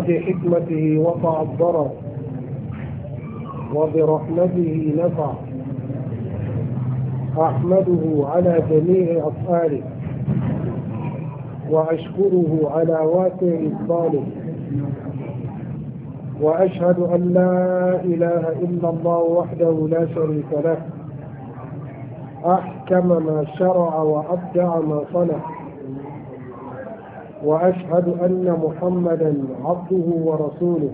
فبحكمته وقع الضرر وبرحمته نفع أحمده على جميع أفعاله وأشكره على واسع إفضاله وأشهد أن لا إله إلا الله وحده لا شريك له أحكم ما شرع وأبدع ما صنع وأشهد أن محمدا عبده ورسوله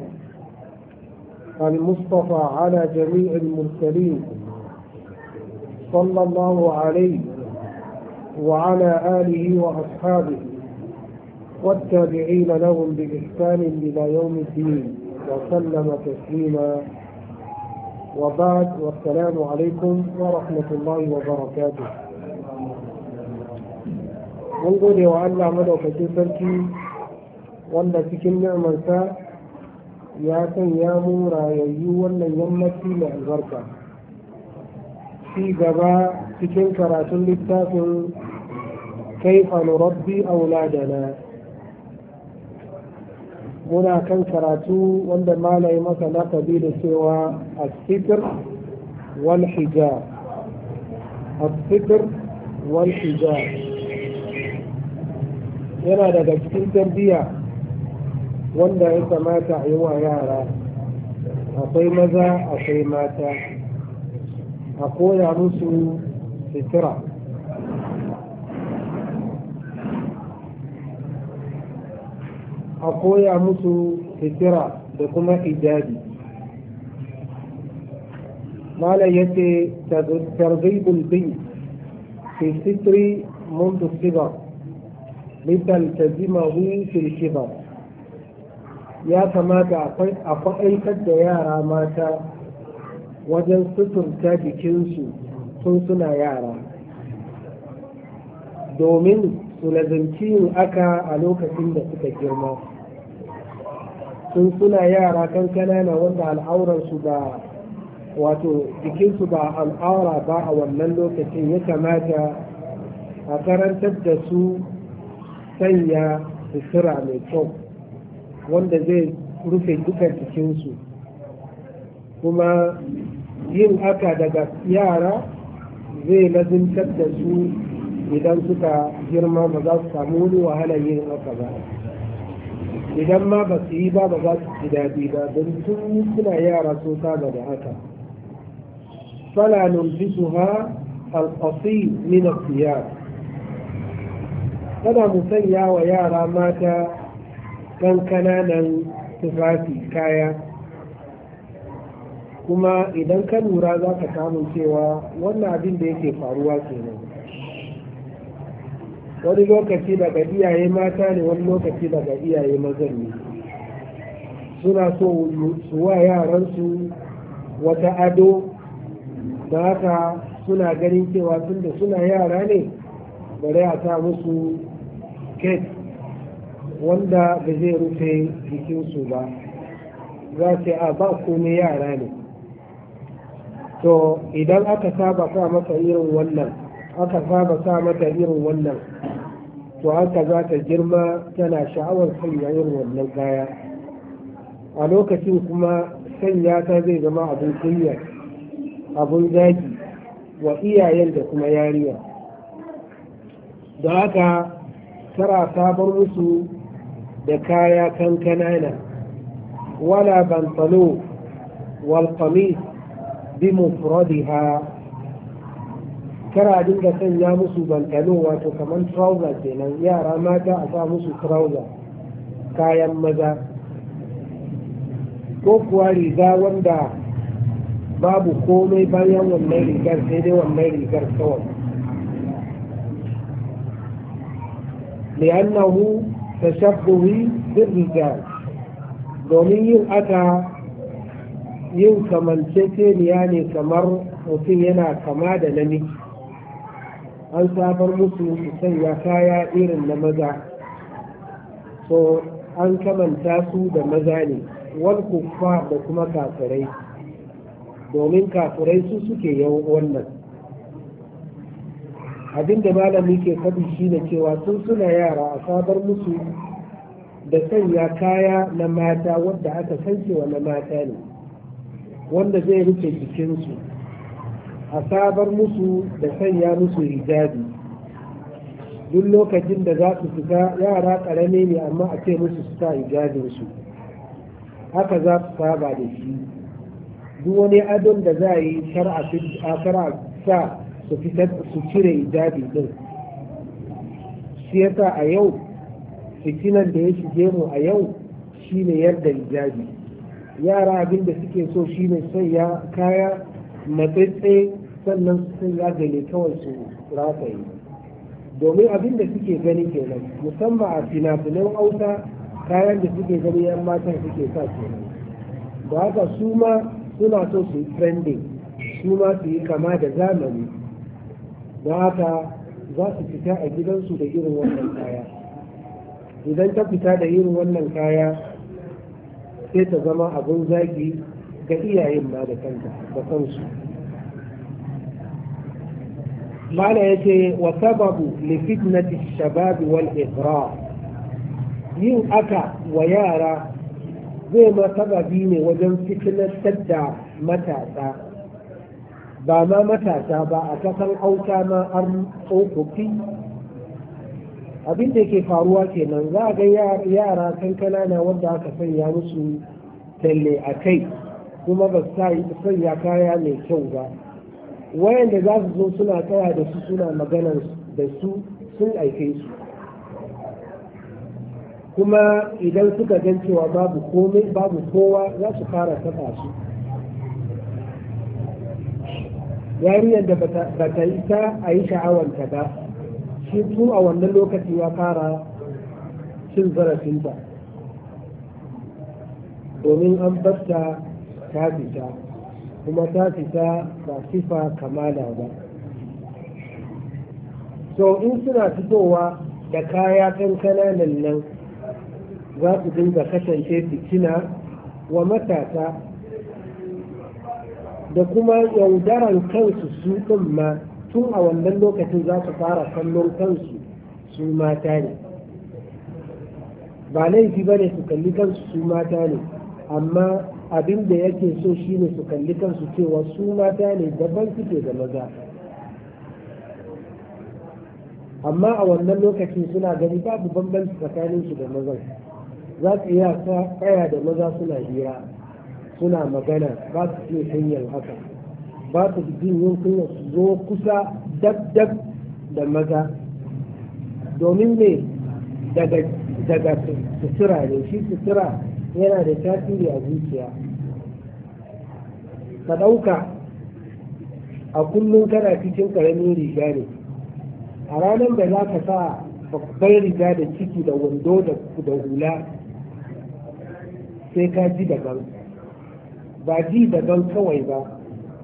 المصطفى على جميع المرسلين صلى الله عليه وعلى آله وأصحابه والتابعين لهم بإحسان إلى يوم الدين وسلم تسليما وبعد والسلام عليكم ورحمة الله وبركاته mun gode wa Allah madaukakin sarki wanda cikin ni'amarsa ya san ya mu rayayyu wannan yammaci mai albarka Shi gaba cikin karatun littafin kaifa nurabbi auladana muna kan karatu wanda malayi masa lakabi da cewa asitir wal hijab wal hijab yana daga cikin tarbiyya wanda ya kamata a yi wa yara akwai maza akwai mata a koya musu fitira a koya musu fitira da kuma ijabi malam ya ce tarzibul bin fi sitri mundu sigar litaltazimahu fil kibar ya kamata a kwaɗaitar da yara mata wajen suturta jikinsu tun suna yara domin su lazanci aka a lokacin da suka girma tun suna yara kankana na wanda al'aurarsu ba wato jikinsu ba al'aura ba a wannan lokacin ya kamata a karantar da su sanya sutura mai kyau wanda zai rufe duka jikinsu kuma yin haka daga yara zai lazimtar da su idan suka girma ba za su samu wani wahalar yin haka ba idan ma ba su yi ba ba za su ji daɗi ba don tun suna yara so saba da haka fala nulbisuha al-qasir min al kada mu sanya wa yara mata ɗan kananan tufafi kaya kuma idan ka lura za ka samu cewa wannan abin da yake faruwa kenan wani lokaci daga iyaye mata ne wani lokaci daga iyaye mazan ne suna so su wa yaransu wata ado da haka suna ganin cewa tun da suna yara ne bari a sa musu kek wanda ba zai rufe jikinsu ba za su a ba komai yara ne to idan aka saba sa mata irin wannan aka saba sa mata irin wannan to haka za ta girma tana sha'awar sanya irin wannan kaya a lokacin kuma sanya ta zai zama abin kunya abin zaki wa iyayen da kuma yariya da haka tara sabon musu da kaya kankanana wala bantalo wal qamis bi mufradiha kara dinga sanya musu bantalo wato kamar trouser kenan yara mata a sa musu trouser kayan maza ko kuwa riga wanda babu komai bayan wannan rigar sai dai wannan rigar kawai لأنه تشبه بالرجال domin yin aka yin kamanceceniya ne kamar mutum yana kama da namiji an safar musu su sanya kaya irin na maza so an kamanta su da maza ne wani kuffa da kuma kafirai domin kafirai su suke yawan wannan abin da malami ke faɗi shi da cewa tun suna yara a sabar musu da sanya kaya na mata wadda aka san cewa na mata ne wanda zai rufe jikinsu a sabar musu da sanya musu hijabi duk lokacin da za su fita yara ƙarami ne amma a ce musu su sa hijabinsu haka za su saba da shi duk wani adon da za a yi shar'a sa su su cire ijabi din shi yasa a yau fitinan da ya shige mu a yau shine yarda ijabi yara abin da suke so shine sanya kaya matsatse sannan su sanya gane kawai su rataye domin abin da suke gani kenan musamman a finafinan hausa kayan da suke gani yan matan suke sa kenan da haka su ma suna so su yi trending su ma su yi kama da zamani don haka za su fita a gidansu da irin wannan kaya idan ta fita da irin wannan kaya sai ta zama abin zagi ga iyayen ma da kanta da kansu mala ya ce wa sababu li fitnati shababi wal ikra yin aka wa yara zai ma sababi ne wajen fitnatar da matasa ba ma matasa ba a kasan auta ma an abinda abin da ke faruwa kenan za a ga yara kankana na wanda aka sanya musu talle a kai kuma ba su sanya kaya mai kyau ba wayanda za su zo suna tsaya da su suna magana da su sun aike su kuma idan suka gan cewa babu komai babu kowa za su fara taba su yariyar da ba ta yi ta a yi sha'awanta ba shi tun a wannan lokaci ya fara cin zarafinta domin an basta ta fita kuma ta fita ba sifa kamala ba so in suna fitowa da kaya kan kananan nan za su dinga kasance fitina wa matasa da kuma yaudaran kansu su ɗin ma tun a wannan lokacin za su fara kallon kansu su mata ne ba laifi ba ne su kalli kansu su mata ne amma abin da yake so shi ne su kalli kansu cewa su mata ne daban suke da maza amma a wannan lokacin suna gani babu bambanci tsakaninsu da mazan za su iya tsaya da maza suna hira suna magana ba su jin kunyar haka ba su jin yin kunya su zo kusa dab dab da maza domin ne daga sutura ne shi sutura yana da tasiri a zuciya ka ɗauka a kullum kana cikin ƙaramin riga ne a ranar da za ka sa babban riga da ciki da wando da hula sai ka ji daban ba ji da daban kawai ba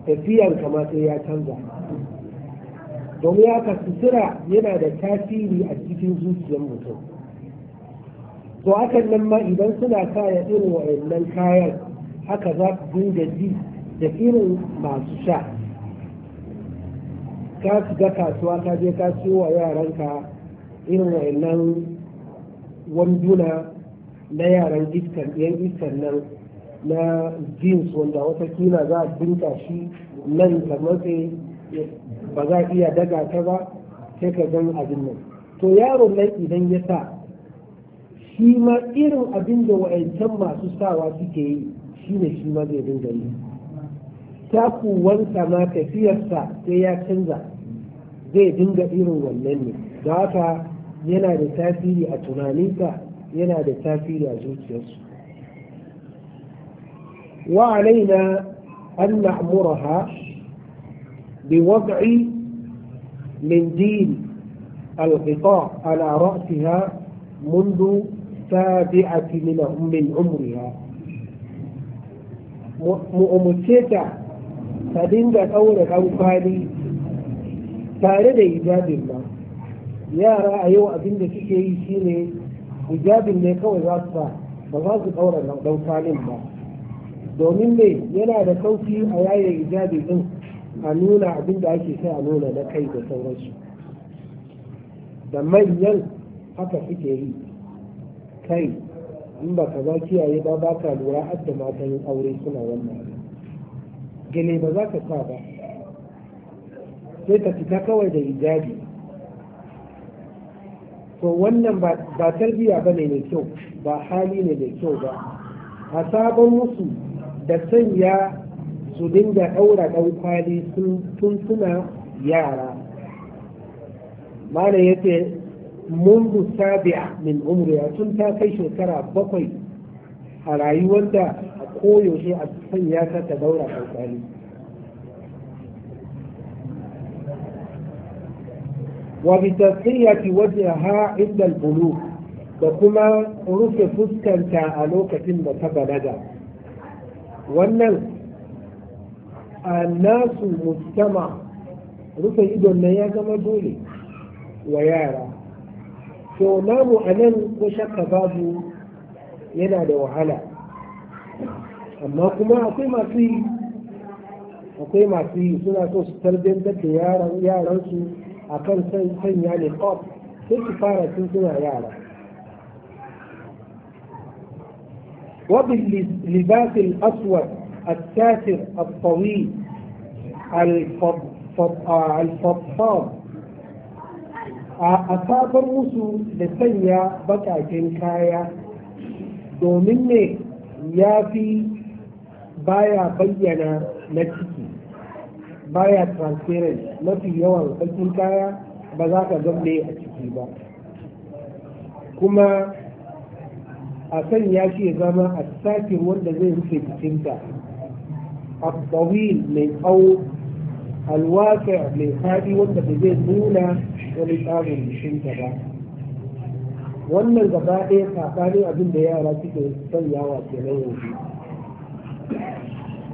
tafiyar kama sai ya canza domin haka sutura yana da tasiri a cikin zuciyar mutum to hakan nan ma idan suna kaya irin wa'annan kayan haka za su dinga ji da irin masu sha ka shiga kasuwa ka je ka siyo wa yaranka irin wa'annan wanduna na yaran iskan yan iskan nan na jeans wanda kina za a dinka shi nan ta matse ba za a iya daga ta ba sai ka gan abin nan to yaron nan idan ya sa shi ma irin abin da wa'ancan masu sawa suke yi shi ne shi ma zai dinga yi takuwansa ma tafiyarsa sai ya canza zai dinga irin wannan ne da haka yana da tasiri a tunaninsa yana da tasiri a zuciyarsu وعلينا أن نعمرها بوضع منديل الغطاء على رأسها منذ سابعة من عمرها مؤمسيتا فدين دا تاورا كاو كالي تاريد ايجاب الله يا را ايو ابن دا سيكي ايشيني ايجاب الله كاو الاسفا بغاز تاورا كاو كالي الله domin ne yana da sauki a yaye ijabi din a nuna abin da ake sai a nuna na kai da sauransu da manyan haka suke yi kai in ba ka za kiyaye ba ba ka lura har da matan aure suna wannan Gane ba za ka sa ba sai ka fita kawai da ijabi to wannan ba tarbiya ba ne mai kyau ba hali ne mai kyau ba a sabon musu da sanya su dinga ɗaura ɗankwali tun suna yara mana ya ce mundu sabi'a min umriya tun ta kai shekara bakwai a rayuwar da a koyaushe a sanya ta ta ɗaura ɗankwali وبتغطية وجهها عند البلوغ da kuma rufe fuskanta a lokacin da ta balaga wannan a nasu mujtama rufe idon na ya zama dole wa yara to namu a nan ko shakka babu yana da wahala amma kuma akwai masu yi akwai masu yi suna so su tarbiyyar da yaransu a kan sanya ne oh, sai su fara tun suna yara وباللباس الأسود الساتر الطويل الفضفاض أصاب الرسول لسيا بقى جنكايا دومني يا في بايا بينا نتيكي بايا ترانسفيرنس ما في يوم بكى جنكايا بذاك جنبي أتيجي كما a sanya ya ce zama a sakin wanda zai rufe jikinta abdawil mai tsawo alwasa mai faɗi wanda ba zai nuna wani tsarin jikinta ba wannan gaba ɗaya saɓani abin da yara suke sanyawa nan yanzu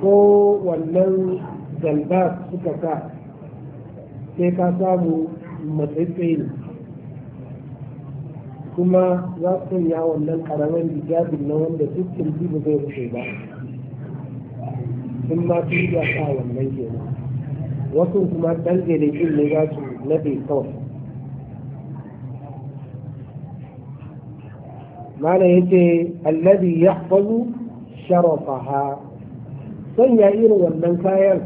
ko wannan galba suka sa sai ka samu matsayin kuma za su ya wannan karamin hijabin na wanda duk kirji ba zai rufe ba sun ma su ya sa wannan kenan wasu kuma ɗan jirgin ne za su nade kawai mana yace ya yahfazu sharafaha sanya irin wannan kayan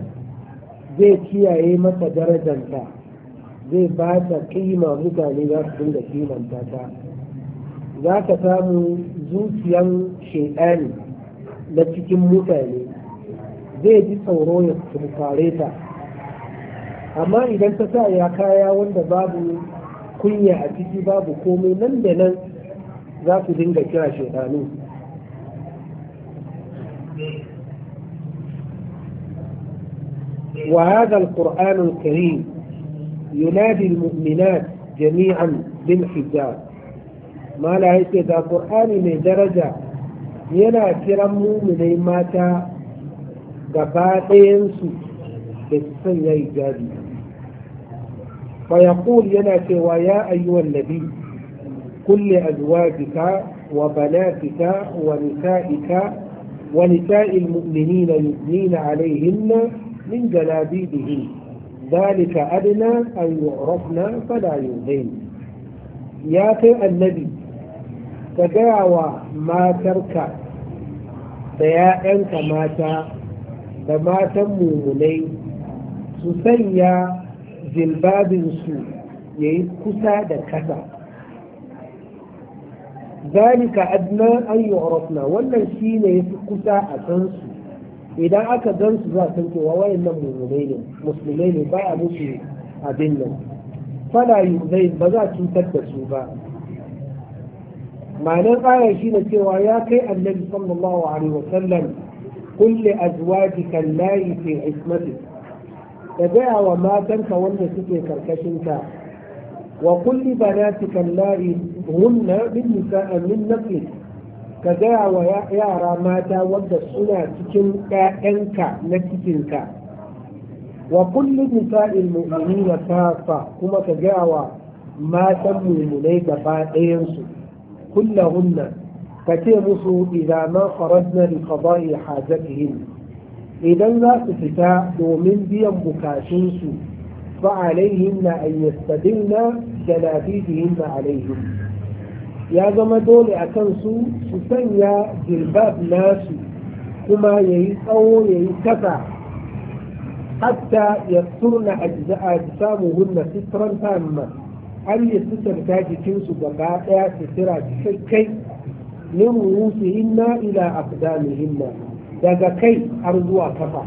zai kiyaye masa darajanta zai ba ta kima mutane za su dinga kimanta ta za ka samu zuciyan shaidani na cikin mutane zai ji tsoro ya tunkare ta amma idan ta sa ya kaya wanda babu kunya a ciki babu komai nan da nan za ku dinga kira shaidanu وهذا القرآن الكريم ينادي المؤمنات جميعا بالحجاب mala ya ce ga ƙur'ani mai daraja yana kiran muminai mata gaba ɗayansu da su sanya hijabi jabi. yaqul yana cewa ya ayyuhan nabi kulli azwajika wa banatika wa nisa'ika wa nisa'il mu'minina yudnina alayhinna min jalabibihin ذلك أدنى أن يعرفنا فلا يؤذين يا أخي النبي ka gaya wa matarka da ‘ya'yanka mata da matan mummunai su sanya jilbabinsu ya yi kusa da kasa zalika adna an orofna wannan shi ne ya fi kusa a kansu idan aka gansu za san cewa wayannan mummunai ne musulmai ne ba a musu abin nan fala yuzai ba za cutar da su ba ma'anar ayar shi ne cewa ya kai annabi sallallahu alaihi wasallam kulle azwajika layi fi ismati ka gaya wa matanka wanda suke karkashinka wa kulli banatika layi hunna min nisa'a min nafsi ka gaya wa yara mata wanda suna cikin ƴaƴanka na cikinka wa kulli nisa'il mu'minina kafa kuma ka gaya wa matan mu'minai gaba ɗayansu كلهن فتغسوا إذا ما خرجنا لقضاء حاجتهن إذا لا تفتاء ومن بيان بكاشنس فعليهن أن يستدلن جنابيبهن عليهم يا زما دول أتنسوا ستنيا جلباب ناس كما يهيطوا يهيكتا حتى يكثرن أجسامهن سترا تاما har ya sutarta jikinsu ga ɗaya sutura kai min rusuhinna ila aqdamihinna daga kai har zuwa kafa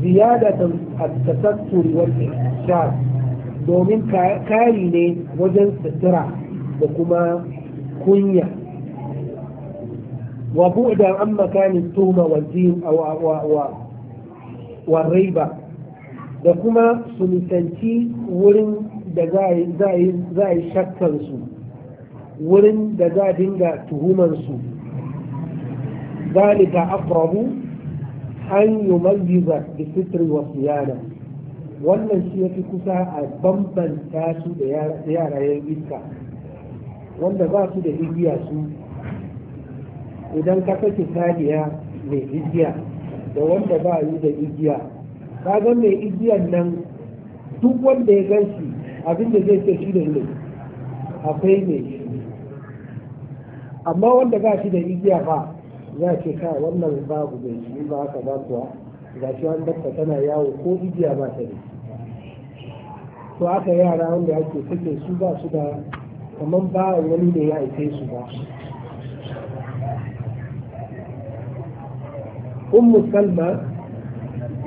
ziyadatan at-tasattur wal ihsan domin kari ne wajen sutura da kuma kunya wa bu'dan an makanin tuma wa jin wa riba da kuma su misanci wurin da za a yi shakkansu wurin da za a dinga tuhumansu ذلك أقرب da يميز بالستر yana wannan shi ya fi kusa a bambanta su da yarayen iska wanda ba su da igiya su idan ka sake sadiya mai igiya da wanda ba yi da igiya kaga mai igiyan nan duk wanda ya gan shi abin da zai ce shi da ne akwai ne amma wanda ba shi da igiya ba za ce ka wannan babu bai shi ba haka ba kuwa ga shi an dabba tana yawo ko igiya ba ta ne to aka yara wanda ake take su ba su da kamar ba wani da ya aike su ba ummu salma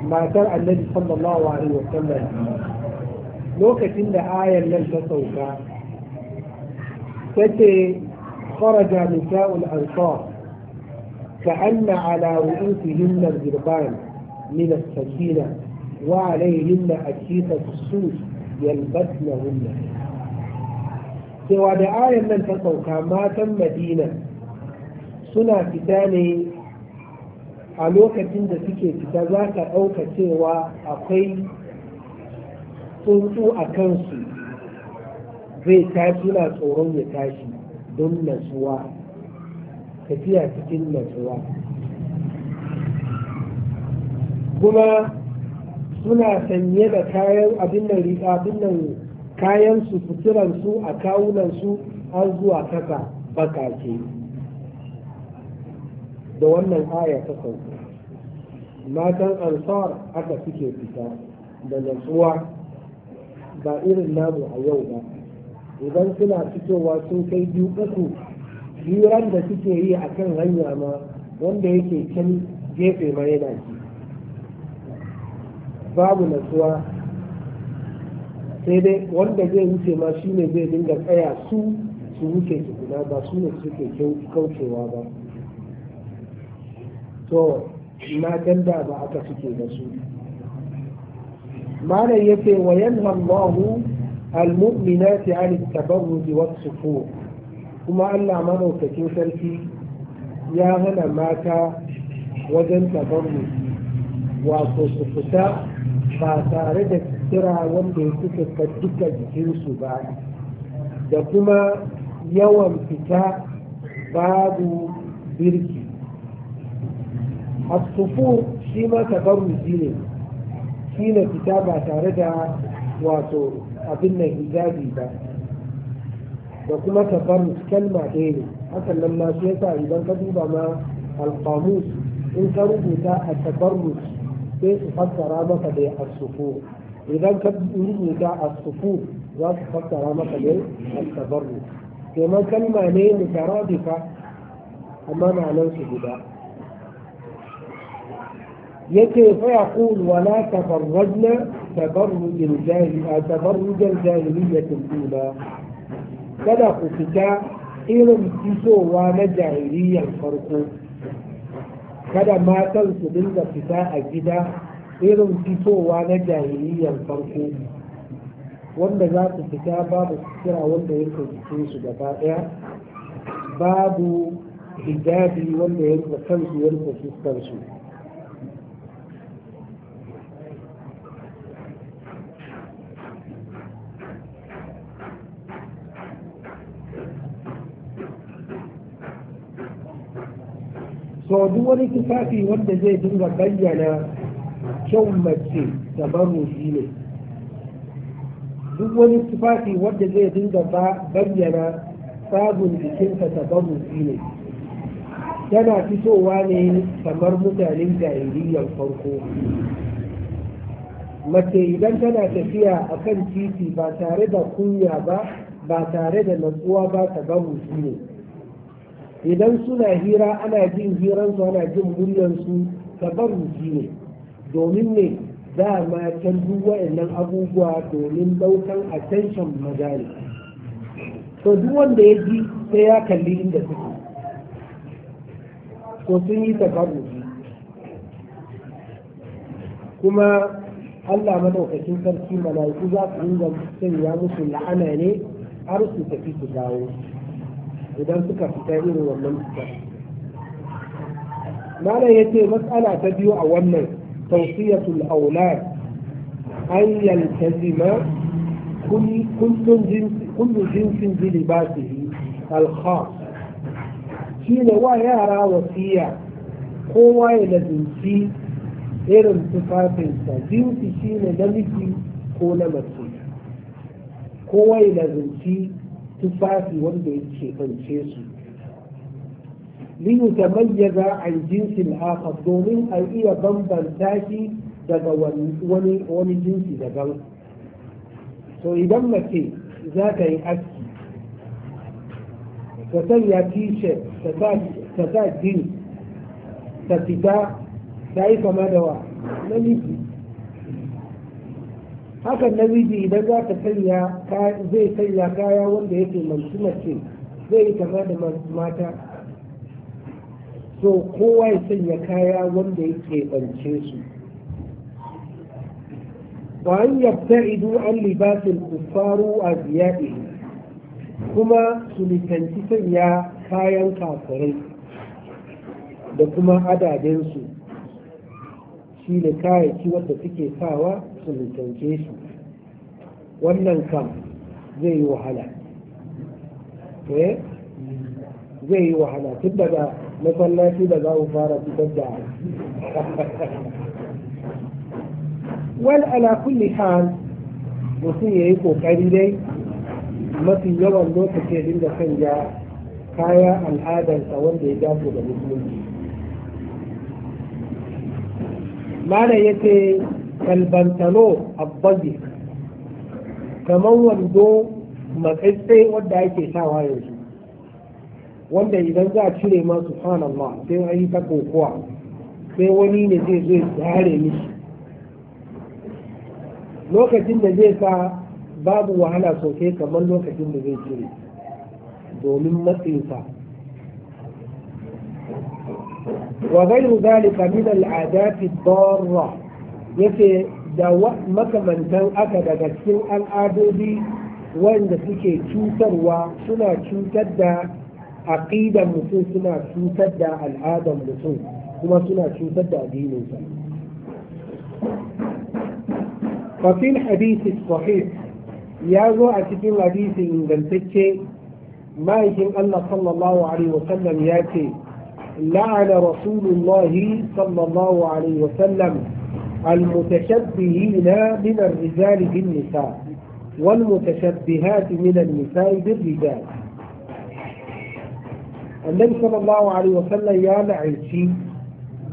matar annabi sallallahu alaihi wa sallam lokacin da ayar nan ta sauka ta ce kharaja nisa'ul ansar ka anna ala ru'usihim al-jirban min as-sakina wa alayhim akifatu as-sus yalbatnahunna cewa da ayar nan ta sauka matan madina suna fita ne a lokacin da suke fita za ka ɗauka cewa akwai tsuntsu a kansu zai tashi na tsoron ya tashi don natsuwa tafiya cikin natsuwa kuma suna sanye da kayan abin nan riƙa abin nan kayan su fitiran su a kawunan su an zuwa kasa ke. da wannan aya ta sauka matan ansar aka suke fita da natsuwa ba irin namu a yau ba idan suna fitowa sun kai biyu uku hiran da suke yi a kan hanya ma wanda yake can gefe ma yana ji babu natsuwa sai dai wanda zai wuce ma shi ne zai dinga tsaya su su wuce tukuna ba su ne suke kaucewa ba to na da ba aka suke da su malam yace wa yanha Allahu al-mu'minati 'an at-tabarruj was-sufur kuma Allah madaukakin sarki ya hana mata wajen tabarruj wato su fita ba tare da kira wanda ya suka duka jikinsu ba da kuma yawan fita babu birki. as shi ma tabarruji ne kila fita ba tare da wato abin nan hijabi ba da kuma tabarus kalma ɗaya ne hakan nan ma shi yasa idan ka duba ma alqamus in ka rubuta a tabarus sai su fassara maka da asufu idan ka rubuta asufu za su fassara maka da al-tabarrus kenan kalma ne mutaradifa amma ma'anar su guda yake fa yaqul wa la tafarrajna tabarruj al-jahiliyyah tabarruj al kada ku fita irin fitowa na jahiliyyar farko kada matan su dinga fita a gida irin fitowa na jahiliyyar farko wanda za su fita babu kira wanda ya jikin su gaba daya babu hijabi wanda ya kansu ya fuskar to duk wani tufafi wanda zai dinga bayyana kyau mace tabarruji ne duk wani tufafi wanda zai dinga bayyana sabon jikinsa tabarruji ne tana fitowa ne kamar mutanen jahiliyar farko mace idan tana tafiya a kan titi ba tare da kunya ba ba tare da natsuwa ba ta gamu ne idan suna hira ana jin hiransu ana jin muryansu tabarruki ne domin ne ma can duk wa'annan abubuwa domin daukan attention maza ne to duk wanda ya ji sai ya kalli inda suke ko sun yi tabarruki kuma Allah madaukakin sarki mala'iku za su inganta sanya musu la'ana ne har su tafi su dawo idan suka fita irin wannan fitar malam ya ce matsala ta biyu a wannan tausiyatul aulad an yaltazima kullu jinsin bi libasihi al-khas shine wa yara wasiya kowa ya lazimci irin tufafinsa jinsi shine namiji ko na mace kowa ya lazimci tufafi wanda ya keɓance su liyu liyutamayyaza an jinsin akhar domin a iya bambanta shi daga wani jinsi daban to idan mace za ta yi aski ta sanya t-shirt ta sa jeans ta fita ta yi kama da wa namiji hakan namiji idan za ta sanya zai sanya kaya wanda yake mace mace zai yi kama da mata so kowa ya sanya kaya wanda yake ɓance su wa an idu an ku kufaru a ziyaɗe kuma su nisanci sanya kayan kafirai da kuma adadensu shi ne kayayyaki wadda suke sawa su mutunce su wannan kam zai yi wahala eh? zai yi wahala tun daga masallaci da za mu fara fitar da wal ala kulli hal mutum yayi yi kokari dai mafi yawan lokaci dinga ya kaya al'adarsa wanda ya dace da musulunci mana ya ce kalbantano abbazi kamar wando matsatse wadda ake sawa yanzu wanda idan za a cire ma subhanallah sai an yi ta sai wani ne zai zo ya mishi lokacin da zai sa babu wahala sosai kamar lokacin da zai cire domin matsinsa وغير ذلك من العادات الضارة يتي دواء مكمن تن أكد دكين الآدود وإن دكي تشوتر وشنا تشوتر دا عقيدة مسلم شنا تشوتر دا العادة مسلم كما شنا تشوتر دا دين مسلم ففي الحديث الصحيح يازو أتكين الحديث إن قلتك ما يجين الله صلى الله عليه وسلم ياتي لعن رسول الله صلى الله عليه وسلم المتشبهين من الرجال بالنساء والمتشبهات من النساء بالرجال النبي صلى الله عليه وسلم يا لعنشي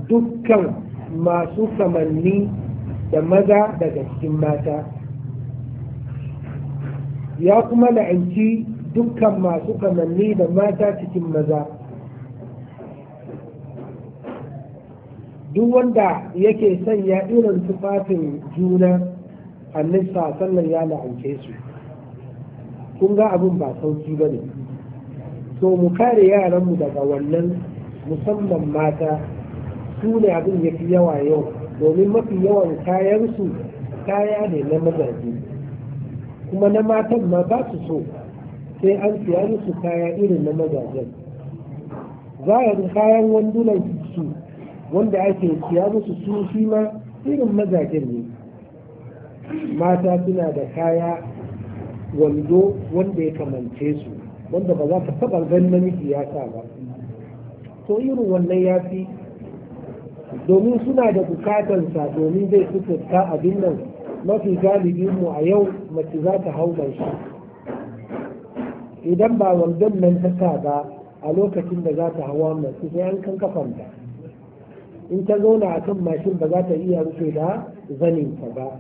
دكا ما سوك مني دمدا دجشين ماتا يا كما لعنشي دكا ما سوف مني دمدا تتم مذا duk wanda yake sanya irin tufafin juna annisa sallan ya la'ance su kun ga abin ba sauki ba ne to mu kare yaranmu daga wannan musamman mata su ne abin ya fi yawa yau domin mafi yawan kayansu kaya ne na mazaje kuma na matan ma ba su so sai an siya su kaya irin na mazajen za a kayan wandunan wanda ake siya musu su shi ma irin mazajen ne mata suna da kaya wando wanda ya kamance su wanda ba za ka taɓa gan namiji ya sa ba to irin wannan ya fi domin suna da bukatansa domin zai suturta abin nan mafi galibin a yau mace za ta hau mai shi idan ba wandon nan ta sa ba a lokacin da za ta hawa masu sai an kan kafanta in ta zauna a kan mashin ba za ta iya rufe da zaninta ba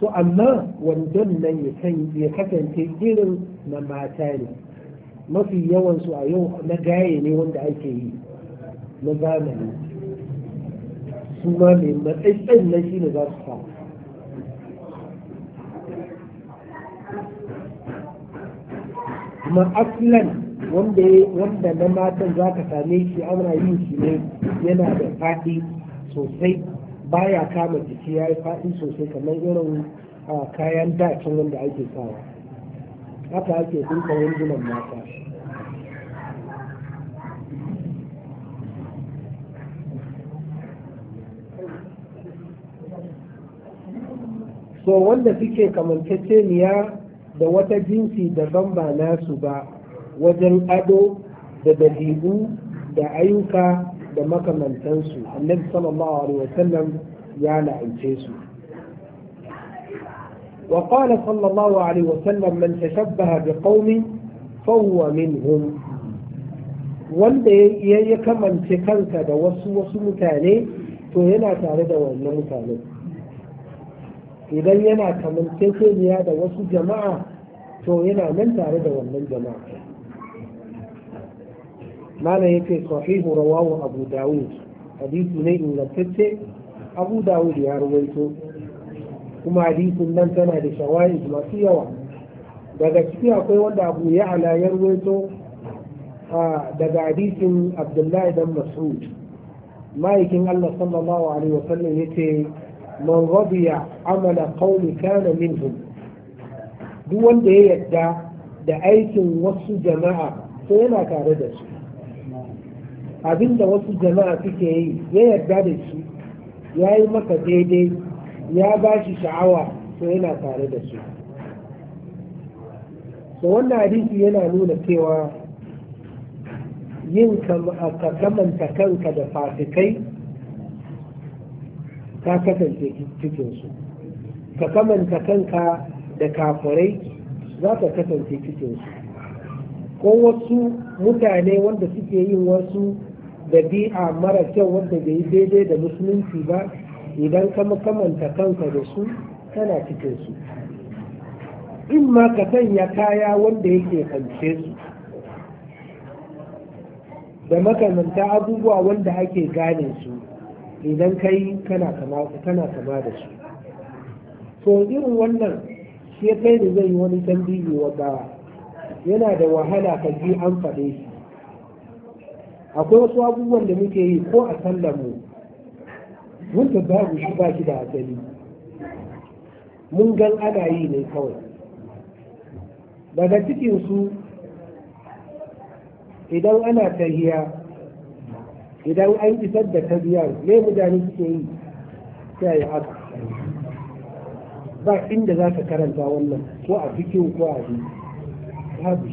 to amma wandon nan ya kasance irin na mata ne mafi yawansu a yau na gaye ne wanda ake yi na zamani su ma mai matsaitsayin nan shi ne za su sa kuma aslan wanda wanda na matan za ka same shi ana yin shi ne yana da faɗi sosai baya kama jiki ya yi faɗi sosai kamar irin kayan dacin wanda ake sawa haka ake dinka wandunan mata so wanda suke kamanceceniya da wata jinsi daban ba nasu ba wajen ado da dabi'u da ayyuka da makamantansu annabi sallallahu alaihi wasallam ya la'ance su wa وقال صلى الله عليه وسلم من تشبه بقوم فهو منهم wanda ya kamance kansa da wasu wasu mutane to yana tare da wannan mutane idan yana kamance da wasu jama'a to yana nan tare da wannan jama'a malam yake sahihu rawahu abu dawud hadisi ne ingantacce abu dawud ya rawaito kuma hadisin nan tana da shawahid masu yawa daga ciki akwai wanda abu ya ala ya daga hadisin abdullahi dan mas'ud ma'aikin allah sallallahu alaihi wasallam yace man radiya amala qaumi kana minhum duk wanda ya yadda da aikin wasu jama'a ko yana tare da su abinda wasu jama'a suke yi ya yarda da shi ya yi maka daidai ya ba shi sha'awa to yana tare da su da wannan hadisi yana nuna cewa yin kamanta kanka da fasikai ka kasance cikinsu ka kamanta kanka da kafirai za ka kasance cikinsu ko wasu mutane wanda suke yin wasu dabi'a mara kyau wanda bai daidai da musulunci ba idan ka makamanta kanka da su kana cikin su in ma ka sanya kaya wanda yake kance su da makamanta abubuwa wanda ake gane su idan ka yi kana kama da su to irin wannan shi kai da zai yi wani tambiyi wanda yana da wahala ka ji an faɗe shi akwai wasu abubuwan da muke yi ko a sallamu ta babu shi ba shi da asali mun gan ana yi ne kawai daga cikinsu idan ana tahiya idan an isar da tabiyar ne mutane suke yi ta yi haka ba inda za ka karanta wannan ko a cikin ko a babu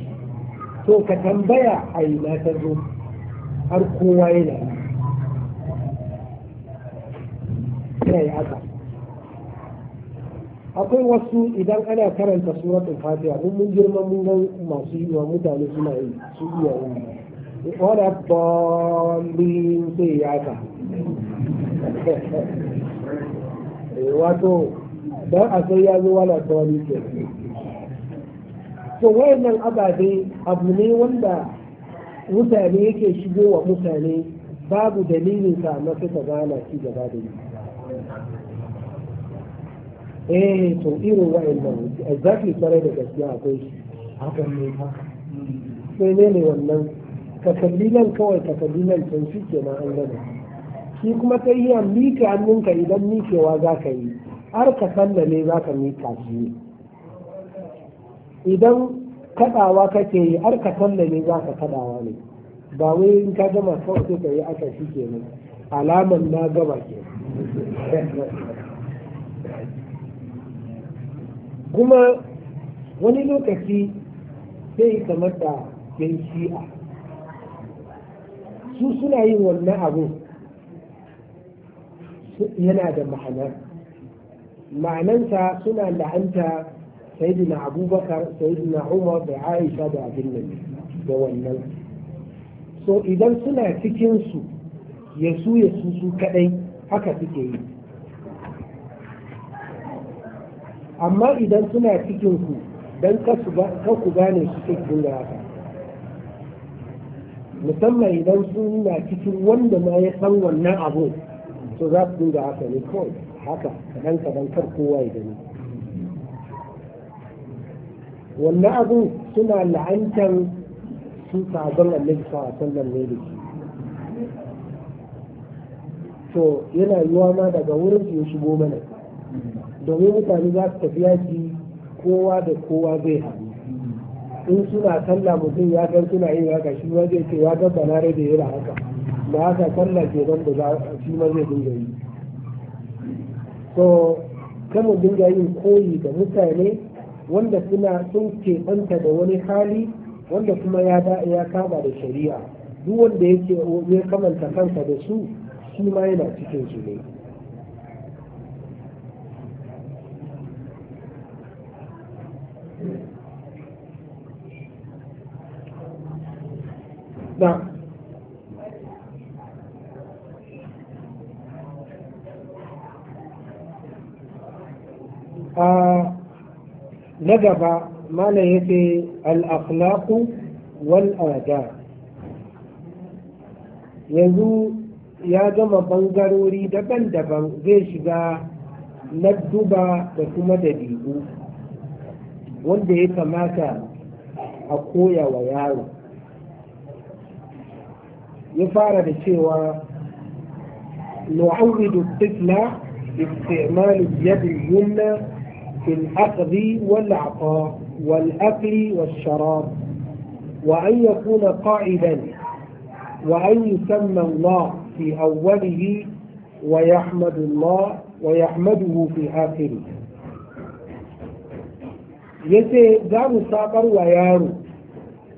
to ka tambaya a yi na zo har kowa yana da ya yi haka akwai wasu idan ana karanta suratun fatiha mun mun girma mun ga masu yi wa mutane suna yi su iya yi wala dalilin sai ya ka eh, wato don a sai ya zo wala dalilin ke to wayannan ababe abu ne wanda mutane yake shigo wa mutane babu dalilin sa amma suka gana da gaba da yi eh to irin wa'annan exactly tsare da gaskiya akwai shi hakan ne haka sai ne ne wannan ka kalli nan kawai ka kalli nan can shi na an gana shi kuma sai iya miƙe hannunka idan miƙewa za ka yi har ka ne za ka miƙa shi idan kaɗawa kake yi har ka ne za ka kaɗawa ne ba wai in ka gama kawai ka yi aka shi ke nan alaman na gaba ke kuma wani lokaci sai kamar da yan shi'a su suna yin wannan abu yana da ma'ana ma'anansa suna la'anta سيدنا abubakar بكر umar da aisha da النبي nan da wannan so idan suna cikinsu ya su ya su su kadai haka suke yi amma idan suna cikinku don ku gane su cikin da haka musamman idan suna cikin wanda ma ya san wannan abu to za su dinga haka ne kawai haka kadan kadan kar kowa ya gani wannan abin suna la'antar su sabon annabi sa sallar ne da shi to yana yiwa ma daga wurin ya shigo mana domin mutane za su tafi yaki kowa da kowa zai haɗu in suna sallah mutum ya san suna yin haka shi ma zai ce ya ga banare da yana haka da haka sallah ke don da shi ma zai dinga yi so mu dinga yin koyi da mutane wanda suna sun keɓanta da wani hali wanda kuma ya da'a ya kama da shari'a duk wanda yake ya kamanta kansa da su shi ma yana cikin su ne na gaba mana ya ce al'aflaku wal'ada yanzu ya gama bangarori daban-daban zai shiga na duba da kuma dabi'u wanda ya kamata a koya wa yaro ya fara da cewa nu'awwidu istimali istimalu yadi yumna في الأخذ والعطاء والأكل والشراب وأن يكون قائدا وأن يسمى الله في أوله ويحمد الله ويحمده في آخره yace za mu sabar wa yaro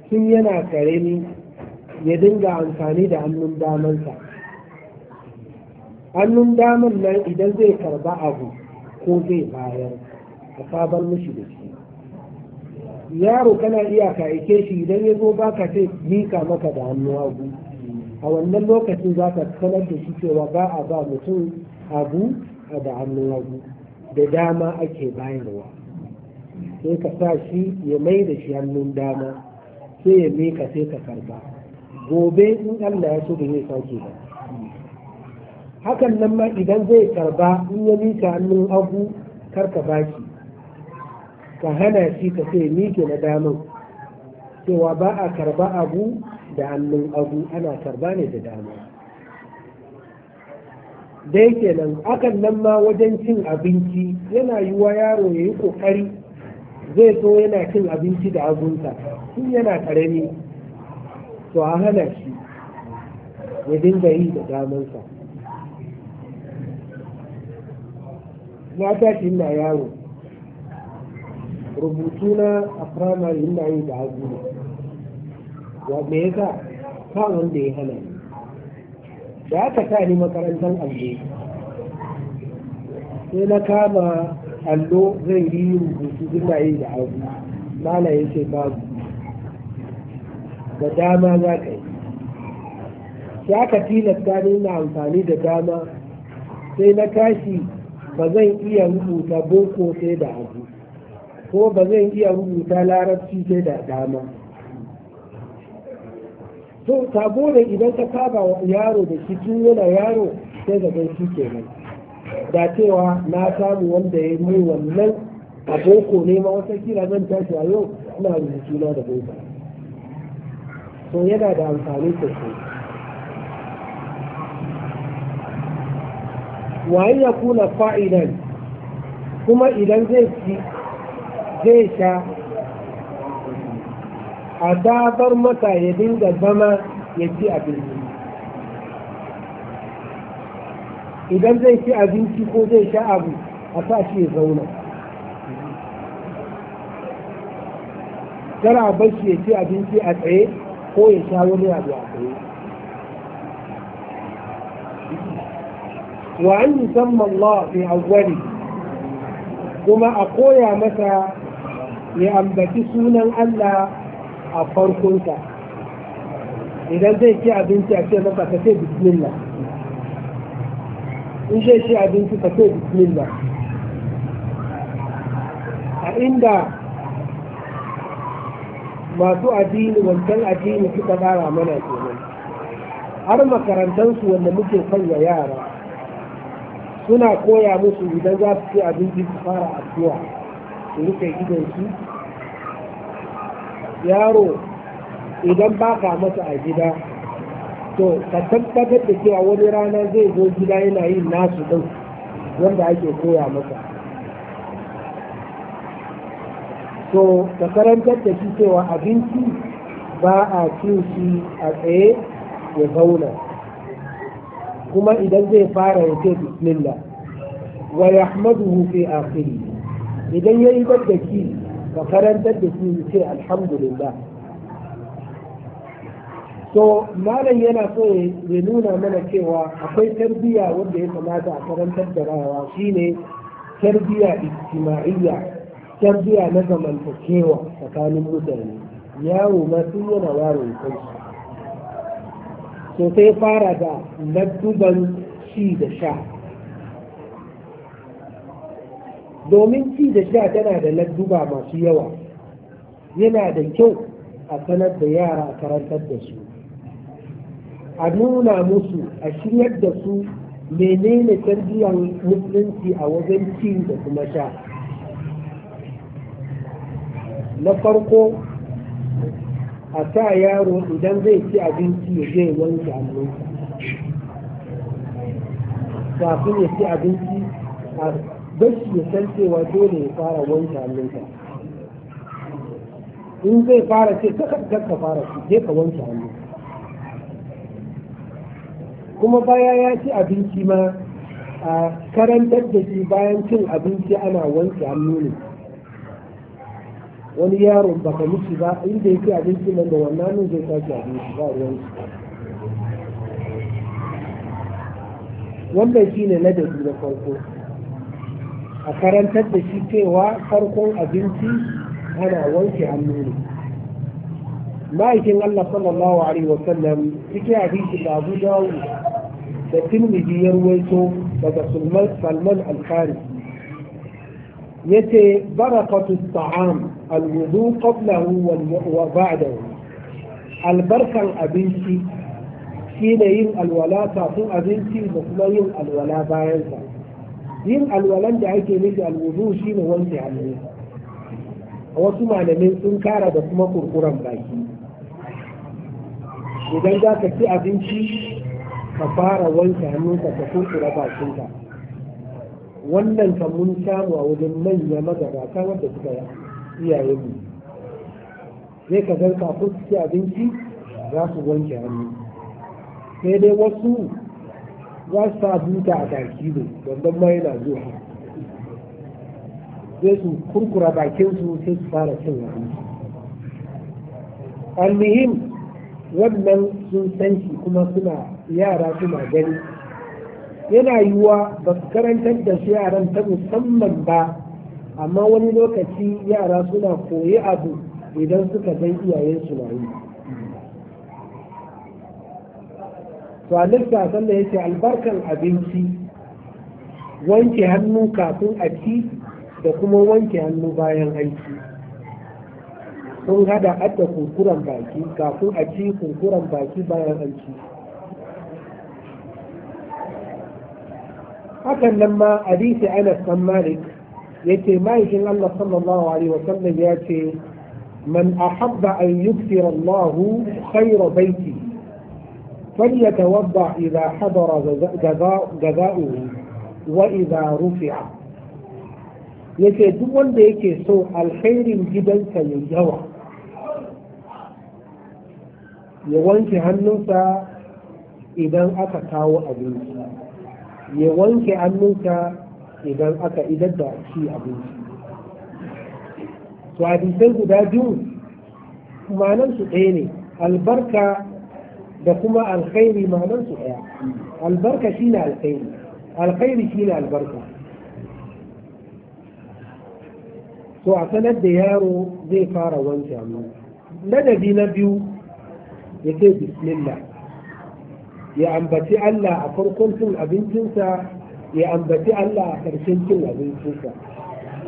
tun yana karemi ya dinga amfani da hannun damansa hannun daman nan idan zai karba abu ko zai bayar A sabar mishi da shi yaro kana iya ka aike shi idan ya zo baka sai mika maka da hannu abu. a wannan lokacin za ka sanar da shi cewa ba a ba mutum abu da hannun abu. da dama ake bayarwa sai ka sa shi ya mai da shi hannun dama sai ya mika sai ka karba gobe in allah ya so da zai sauke ba hakan nan ma idan zai karba in ya mika hannun hagu karka baki ka hana shi ka ce ni ke na daman cewa ba a karba abu da hannun abu ana karba ne da dama dai kenan akan nan ma wajen cin abinci yana yiwa yaro ya yi kokari zai so yana cin abinci da abunsa shi yana karami to a hana shi ya dinga yi da damansa na tashi ina yaro rubutu na a firamare ina yi da hagu ne wa me yasa ba wanda ya hana ni da aka sa ni makarantar allo sai na kama allo zai yi rubutu ina yi da hagu mala ya ce babu da dama za ka yi sai aka tilasta ni ina amfani da dama sai na tashi ba zan iya rubuta boko sai da hagu ko ba zan iya rubuta larabci sai da dama to sabo ne idan ka saba wa yaro da shi tun yana yaro sai da gan shi nan, da cewa na samu wanda ya yi wannan a boko ne ma wata kira zan tashi a yau ina rubutu na da boko to yana da amfani ce wa ya kuna fa'idan kuma idan zai ci zai sha a dabar mata ya dinga zama ya ci abinci idan zai ci abinci ko zai sha abu a sa shi ya zauna kar a bar shi ya ci abinci a tsaye ko ya sha wani abu a tsaye wa an yi Allah fi awwali kuma a koya masa ya ambaci sunan Allah a farkonsa idan zai ce abinci a ce maka ka ce bismillah in zai ce abinci ka ce bismillah a inda masu addini wancan addini suka tsara mana kenan har makarantansu wanda muke sanya yara suna koya musu idan za su ci abinci su fara addu'a su rufe idonsu yaro idan ba ka masa a gida to ka tabbatar da cewa wani rana zai zo gida yana yin nasu ɗin wanda ake koya masa to ka karantar da shi cewa abinci ba a cin shi a tsaye ya zauna kuma idan zai fara ya ce bismillah wa yahmaduhu fi akhiri idan ya yi da ki ka karantar da shi ce alhamdulillah to malam yana so ya nuna mana cewa akwai tarbiyya wanda ya kamata a karantar da rawa shine tarbiyya ijtima'iyya tarbiyya na zamantakewa tsakanin mutane yawo ma sun yana yaro kai so sai fara da ladduban ci da sha domin ci da sha tana da ladduba masu yawa yana da kyau a sanar da yara a karantar da su a nuna musu a shiryar da su menene tarbiyyar musulunci a wajen ci da kuma sha na farko a sa yaro idan zai ci abinci ya je wanke hannunsa kafin ya ci abinci a don shi ya san cewa dole ya fara wanke hannunka in zai fara ce ka ka fara shi ke ka wanke hannu kuma baya ya ci abinci ma a karantar da shi bayan cin abinci ana wanke hannu ne wani yaro baka miki ba inda ya ci abinci nan da wannan nun zai sake abinci ba ruwan wannan shine ne na farko a karantar da shi cewa farkon abinci ana wanke hannu ne ma'aikin Allah sallallahu alaihi wa sallam cikin hadisi da Abu Dawud da Tirmidhi ya ruwaito daga Salman al-Khari yace barakatu ta'am al-wudu qablahu wa ba'dahu albarkan abinci shine yin alwala kafin abinci da kuma yin alwala bayan sa yin alwalan da ake nufi alwudu ne wanke hannu wasu malamin sun kara da kuma kurkuran baki idan za ka ci abinci ka fara wanke hannunka ka kurkura bakinka wannan kan mun samu a wajen manya magabata wadda suka iyaye mu Sai ka zan kafin ci abinci za su wanke hannu sai dai wasu za su sa buta a baki ne wannan ma yana zuwa sai su kurkura bakinsu sai su fara cin abinci almihim wannan sun san shi kuma suna yara suna gani yana yiwuwa ba su karantar da su yaran ta musamman ba amma wani lokaci yara suna koyi abu idan suka san iyayensu na yi to annabi sallallahu alaihi yace albarkan abinci wanke hannu kafin a ci da kuma wanke hannu bayan aiki sun hada adda kurkuren baki kafin a ci kurkuren baki bayan aiki hakan nan ma hadisi anas dan malik yace ma'aikin Allah sallallahu alaihi wasallam ya ce man ahabba an yuksira Allah khayra baiti فليتوضع إذا حضر جزاؤه وإذا رفع yake duk wanda yake so alkhairin gidansa ya yawa ya wanke hannunsa idan aka kawo abinci ya wanke hannunsa idan aka idar da shi abinci to hadisai guda biyu manan su ɗaya ne albarka da kuma alkhairi ma'anar su ɗaya albarka shine alkhairi alkhairi shine albarka to a sanar da yaro zai fara wanke hannu ladabi na biyu ya ce bismillah ya ambaci Allah a farkon cin abincinsa ya ambaci Allah a ƙarshen cin abincinsa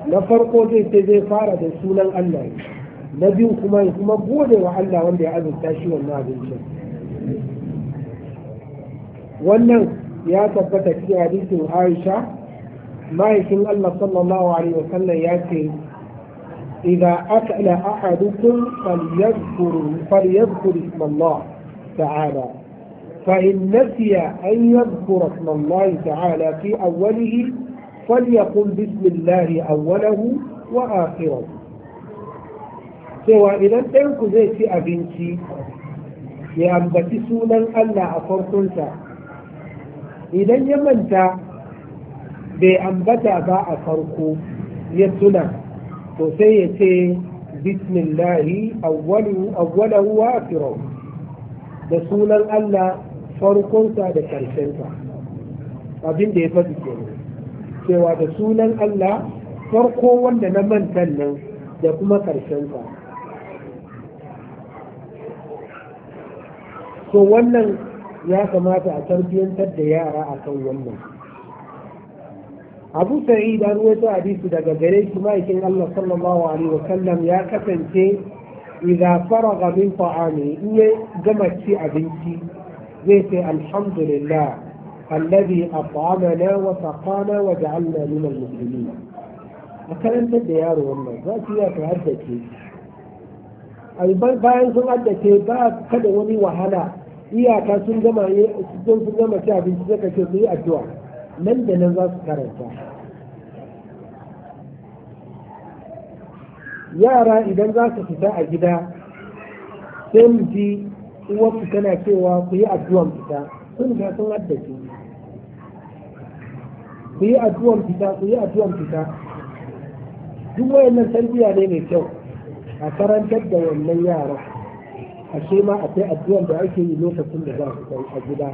na farko zai ce zai fara da sunan Allah na biyu kuma ya kuma gode wa Allah wanda ya azurta shi wannan abincin wannan ya tabbata cikin hadisin aisha ma'aikin allah sallallahu alaihi wasallam ya ce idza akala ahadukum falyadhkur falyadhkur ismallah ta'ala تعالى فإن نسي أن يذكر اسم الله تعالى في أوله فليقل بسم الله أوله وآخره cewa idan ɗanku zai ci abinci ya ambaci sunan Allah a farkonsa idan ya manta bai ambata ba a farko ya tuna to sai ya ce bismillahi awwalahu wa akhiru da sunan Allah farkonsa da karshensa abin da ya faɗi kenan cewa da sunan Allah farko wanda na mantan nan da kuma karshensa to wannan ya kamata a tarbiyyantar da yara a kan wannan abu sa'id an wato hadisi daga gare shi ma'aikin allah sallallahu alaihi wa sallam ya kasance idza faraga min ta'ami in ya gama ci abinci zai sai alhamdulillah alladhi at'amana wa saqana wa ja'alna min al-muslimin a karantar da yaro wannan za su iya ta haddace bayan sun addace ba kada wani wahala iyaka sun gama cikin sun gama ci abinci suka ce su yi addu'a nan da nan za su karanta yara idan za su fita a gida sai mu ji uwarsu tana cewa ku yi addu'an fita sun ga sun haddace ku yi addu'an fita ku yi addu'an fita duk wayannan tarbiyya ne mai kyau a karantar da wannan yara ashe ma akwai addu'ar da ake yi lokacin da za su kai a gida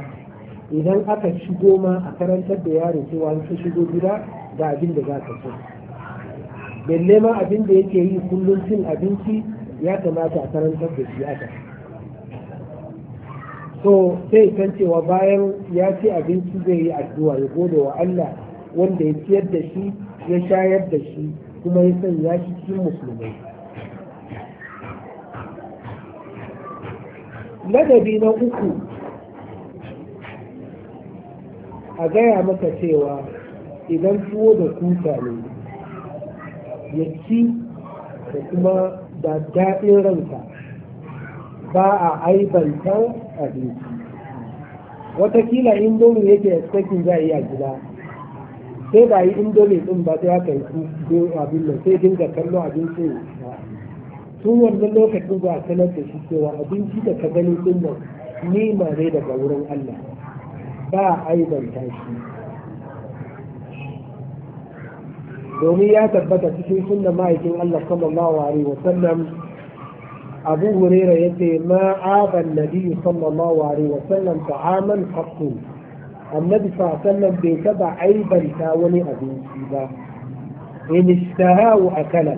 idan aka shigo ma a karantar da yaro cewa an ka shigo gida ga abin da za ka so balle ma abin da yake yi kullum cin abinci ya kamata a karantar da shi aka so sai san cewa bayan ya ci abinci zai yi addu'a ya gode wa Allah wanda ya ciyar da shi ya shayar da shi kuma ya sanya shi cikin musulmai ladabi na uku a gaya maka cewa idan tuwo da kusa ne ya ci da kuma da daɗin ranta, ba a aibanta abinci watakila indomi yake expecting za a iya gida sai ba yi indomi ɗin ba sai aka yi abin nan sai dinga kallo abincin tun wannan lokacin ba a sanar da shi cewa abinci da ka gani din nan nima ne daga wurin Allah ba a aibanta shi domin ya tabbata cikin sunna ma'aikin Allah sallallahu alaihi wa sallam abu huraira yace ma aban nabi sallallahu alaihi wa sallam ta'aman qattu annabi sallallahu alaihi bai taba aibanta wani abinci ba in ishtahahu akala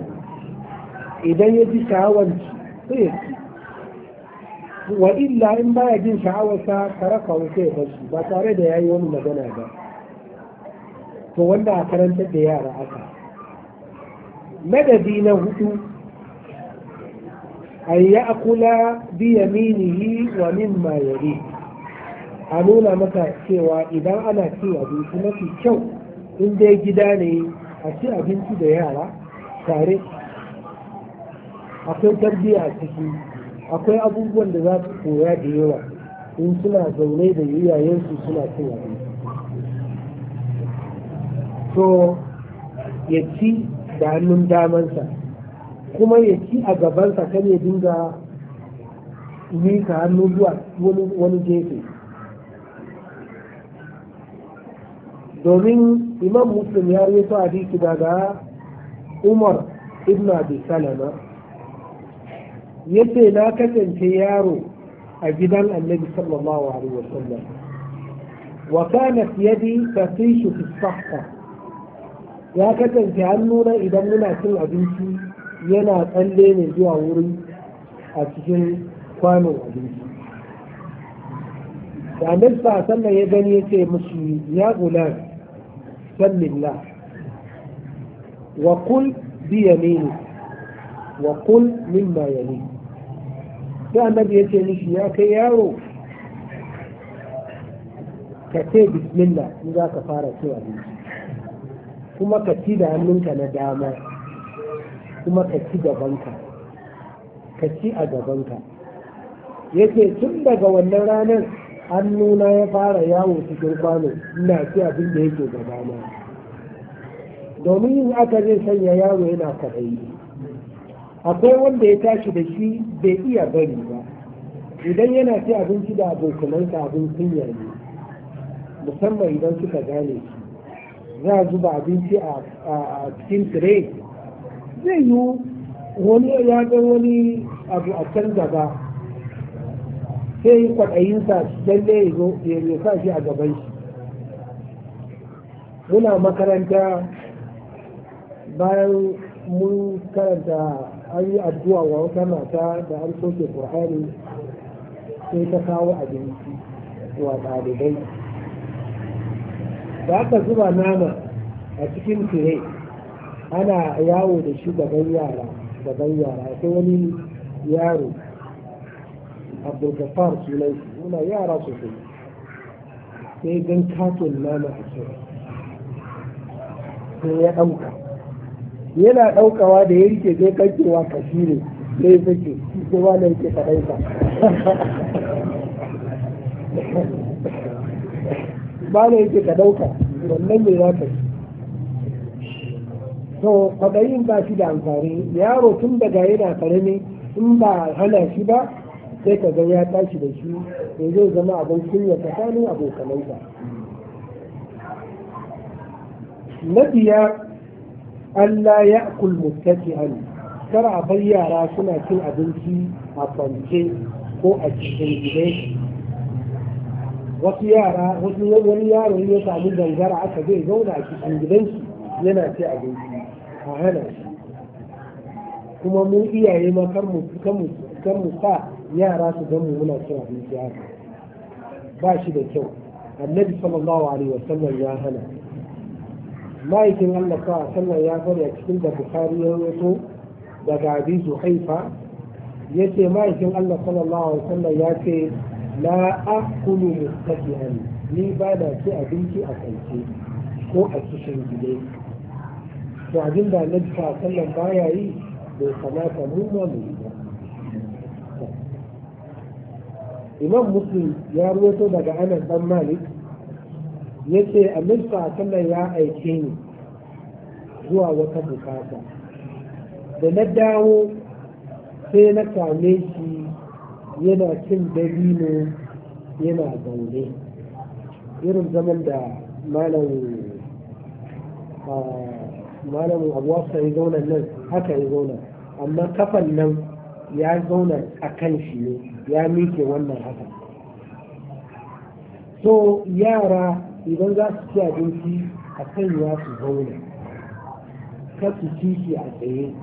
idan ya ji sha'awanci sai ya ci wa illa in baya jin sha'awarsa karaka wuce ya bashi ba tare da ya yi wani magana ba to wanda a karantar da yara aka madadi na hudu an ya akula bi yaminihi wa mimma yari a nuna mata cewa idan ana ci abinci mafi kyau in dai gida ne a ci abinci da yara tare akwai tarbiyya a ciki akwai abubuwan da za su koya da yawa in suna zaune da iyayensu suna cin abinci to ya ci da hannun damansa kuma ya ci a gabansa kan ya dinga mika hannu zuwa wani gefe domin imam muslim ya rito diki daga umar ibn abi salama yace na kasance yaro a gidan annabi sallallahu alaihi wasallam wa kanat yadi tatishu fi sahha ya kasance hannuna idan muna cin abinci yana tsalle ne zuwa wurin a cikin kwanon abinci da annabi sallallahu ya gani yace musu ya gulam sallillah wa kul bi yaminik wa kul mimma yaminik sai annabi ya ce mishi ya kai yaro ka ce bismillah in za ka fara ce abinci kuma ka ci da hannunka na dama kuma ka ci gabanka ka ci a gabanka yake tun daga wannan ranar hannuna ya fara yawo cikin kwano ina ci abin da yake gabana domin yin aka zai sanya yaro yana kaɗai akwai wanda ya tashi da shi bai iya bari ba idan yana ci abinci da abokanansa abin kunya ne musamman idan suka gane shi za a zuba abinci a cikin tire zai yi wani ya ga wani abu a can gaba sai yi kwaɗayinsa lalle ya sa shi a gaban shi muna makaranta bayan mun karanta an yi addu'a wa wata mata da an soke qur'ani sai ta kawo abinci wa ɗalibai da aka zuba nama a cikin tire ana yawo da shi gaban yara gaban yara sai wani yaro abdulgafar sunan shi yara sosai sai gan katon nama a cikin sai ya ɗauka yana ɗaukawa da ya rike zai kankewa kashi ne sai sake ko ba da yake kaɗai ba ba da yake ka ɗauka wannan mai za ka so kwaɗayin ba shi da amfani yaro tun daga yana karami in ba hana shi ba sai ka ga ya tashi da shi ya zai zama abin kunya tsakanin ba na biyar Allah ya akul kar a bar yara suna cin abinci a kwance ko a cikin gidai wasu yara wasu wani yaro ya samu gangara aka zai zauna a cikin gidansu yana ci abinci a hana shi kuma mun iyaye ma kar mu mu sa yara su gan mu muna cin abinci haka ba shi da kyau annabi sallallahu alaihi wasallam ya hana mahaifin Allah sa sallar ya farya cikin da Bukhari ya rawaito daga Abi Ya yace mahaifin Allah sallallahu alaihi wasallam ya ce la akulu mustaqiyan ni ba da ci abinci a kance ko a cikin gidai to abin da Annabi sa sallan baya yi bai kamata mu ma mu yi ba Imam Muslim ya rawaito daga Anas dan Malik yace annabi sallallahu ya aike ni zuwa wata bukata da na dawo sai na same shi yana cin dabino yana zaune irin zaman da malamin malamin abuwa ya zauna nan haka ya zauna amma kafan nan ya zauna a kan shi ne ya mike wannan haka so yara idan za su ci abinci a kan ya su zauna kasu su ci shi a tsaye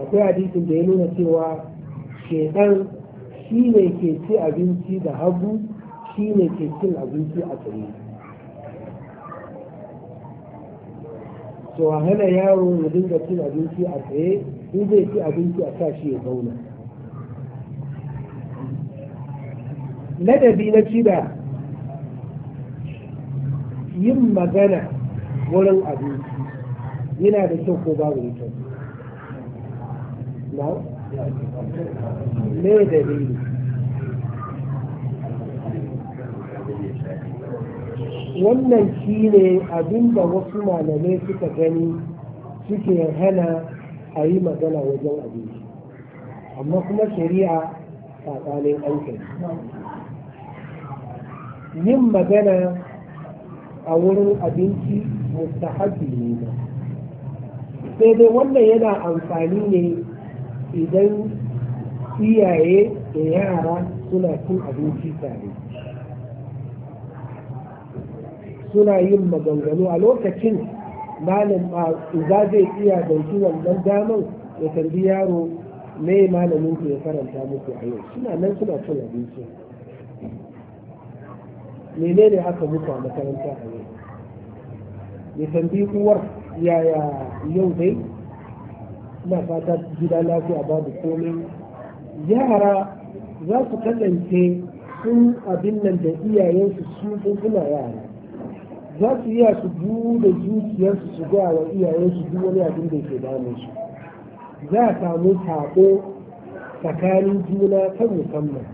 akwai hadisin da ya nuna cewa shekar shi ne ke ci abinci da hagu shi ne ke cin abinci a tsaye to hana yaro ya dinga cin abinci a tsaye in zai ci abinci a sa shi ya zauna ladabi na shida yin magana wurin abinci yana da kyau ko babu da na da dalili wannan shi ne abinda wasu malamai suka gani suke hana a yi magana wajen abinci amma kuma shari'a tsakanin aikin yin magana a wurin abinci mustahabi ne ba sai dai wannan yana amfani ne idan iyaye da yara suna cin abinci tare suna yin maganganu a lokacin malam za zai iya dauki wannan daman ya tarbi yaro mai malamin ya karanta muku a yau suna nan suna cin abinci menene aka mutu a makaranta a yau ya tambi uwar yaya yau dai ina fata gida lafiya babu komai yara za su kasance sun abin nan da iyayensu su suna yara za su iya su da zuciyarsu su gaya wa iyayensu duk wani abin da ke damun su za a samu taɓo tsakanin juna ta musamman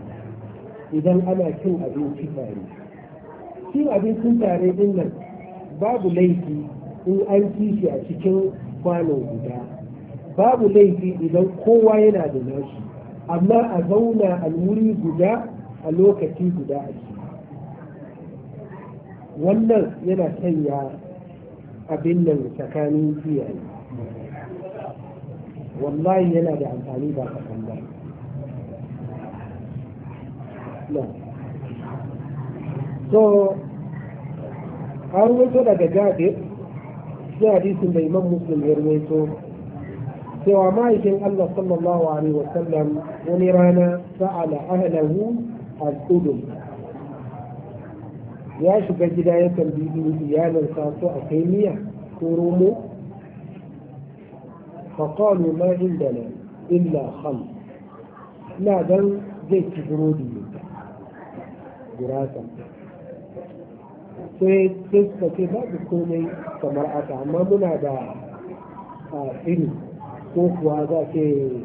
idan ana cin abinci tare cin abincin tare din nan babu laifi in an ci a cikin kwano guda babu laifi idan kowa yana da nashi amma a zauna a guda a lokaci guda a ciki wannan yana sanya abin nan tsakanin iyaye wallahi yana da amfani ba kasan ba to an ruwaito daga jabir sai hadisin da imam muslim ya ruwaito cewa ma'aikin allah sallallahu alaihi sallam wani rana sa'ala ahlahu al-udum ya shiga gida ya tambayi iyalinsa ko akwai miya ko romo indana illa khal إلا خمس لا دم زيت برودي دراسة sai suka ce babu komai kamar aka amma muna da iri ko kuwa za ce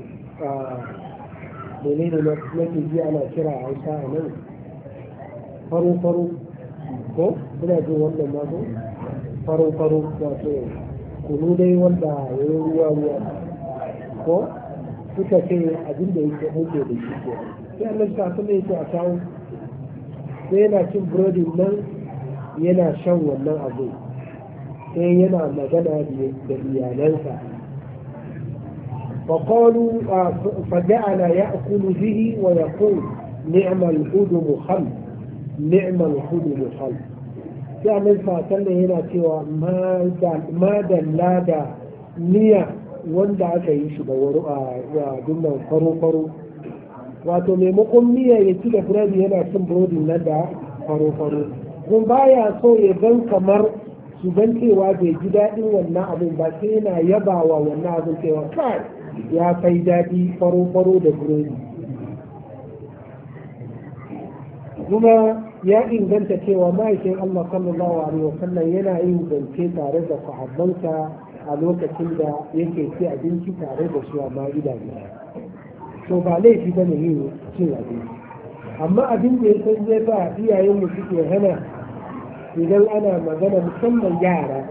mene ne na ji ana kira a hausa a nan faro-faro ko muna jin wannan mako faro-faro wato kunu dai wanda ya yi ruwa-ruwa ko suka ce abin da yake hoke da shi ke sai annabi sa sun yake a kawo sai yana cin burodin nan yana shan wannan abu sai yana magana da iyalansa فقالوا فجعل يأكل به ويقول نعم الخدم خل sai fatan da yana cewa ma dalla da niyya wanda aka yi shi da wuri a dunnan faro-faro wato maimakon miya ya ci da burodi yana cin burodin nan da faro-faro ba baya so ya gan kamar su gan cewa bai ji daɗin wannan abin ba sai yana yabawa wannan abin cewa kai ya kai daɗi faro-faro da burodi kuma ya inganta cewa ma'aikin Allah sallallahu alaihi wa sallam yana yin zance tare da sahabbansa a lokacin da yake ci abinci tare da su a ma'ida to ba laifi ba ne yin cin abinci amma abin da ya san zai ba iyayen mu suke hana idan ana magana musamman yara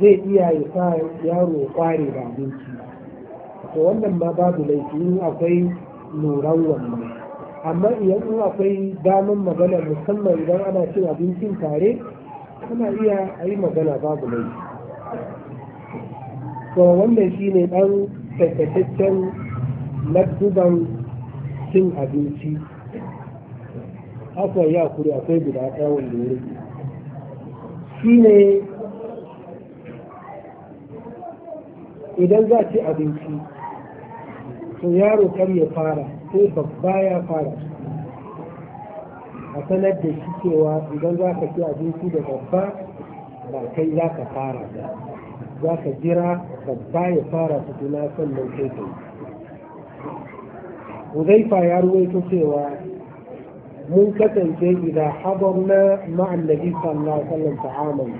zai iya ya sa yaro kware da abinci to wannan ma babu laifi in akwai nuran wannan amma idan in akwai damar magana musamman idan ana cin abincin tare ana iya a yi magana babu laifi to wannan shine ɗan tattataccen ladduban cin abinci haka ya kuri akwai guda ɗaya wanda ya shine idan za ci abinci to yaro kar ya fara ko babba ya fara a sanar da shi cewa idan za ka ci abinci da babba ba kai za ka fara ba za ka jira babba ya fara su tukuna sannan kai kai Uzaifa ya ruwaito cewa mun kasance idan hadarna ma'an nabi sallallahu alaihi wasallam ta'aman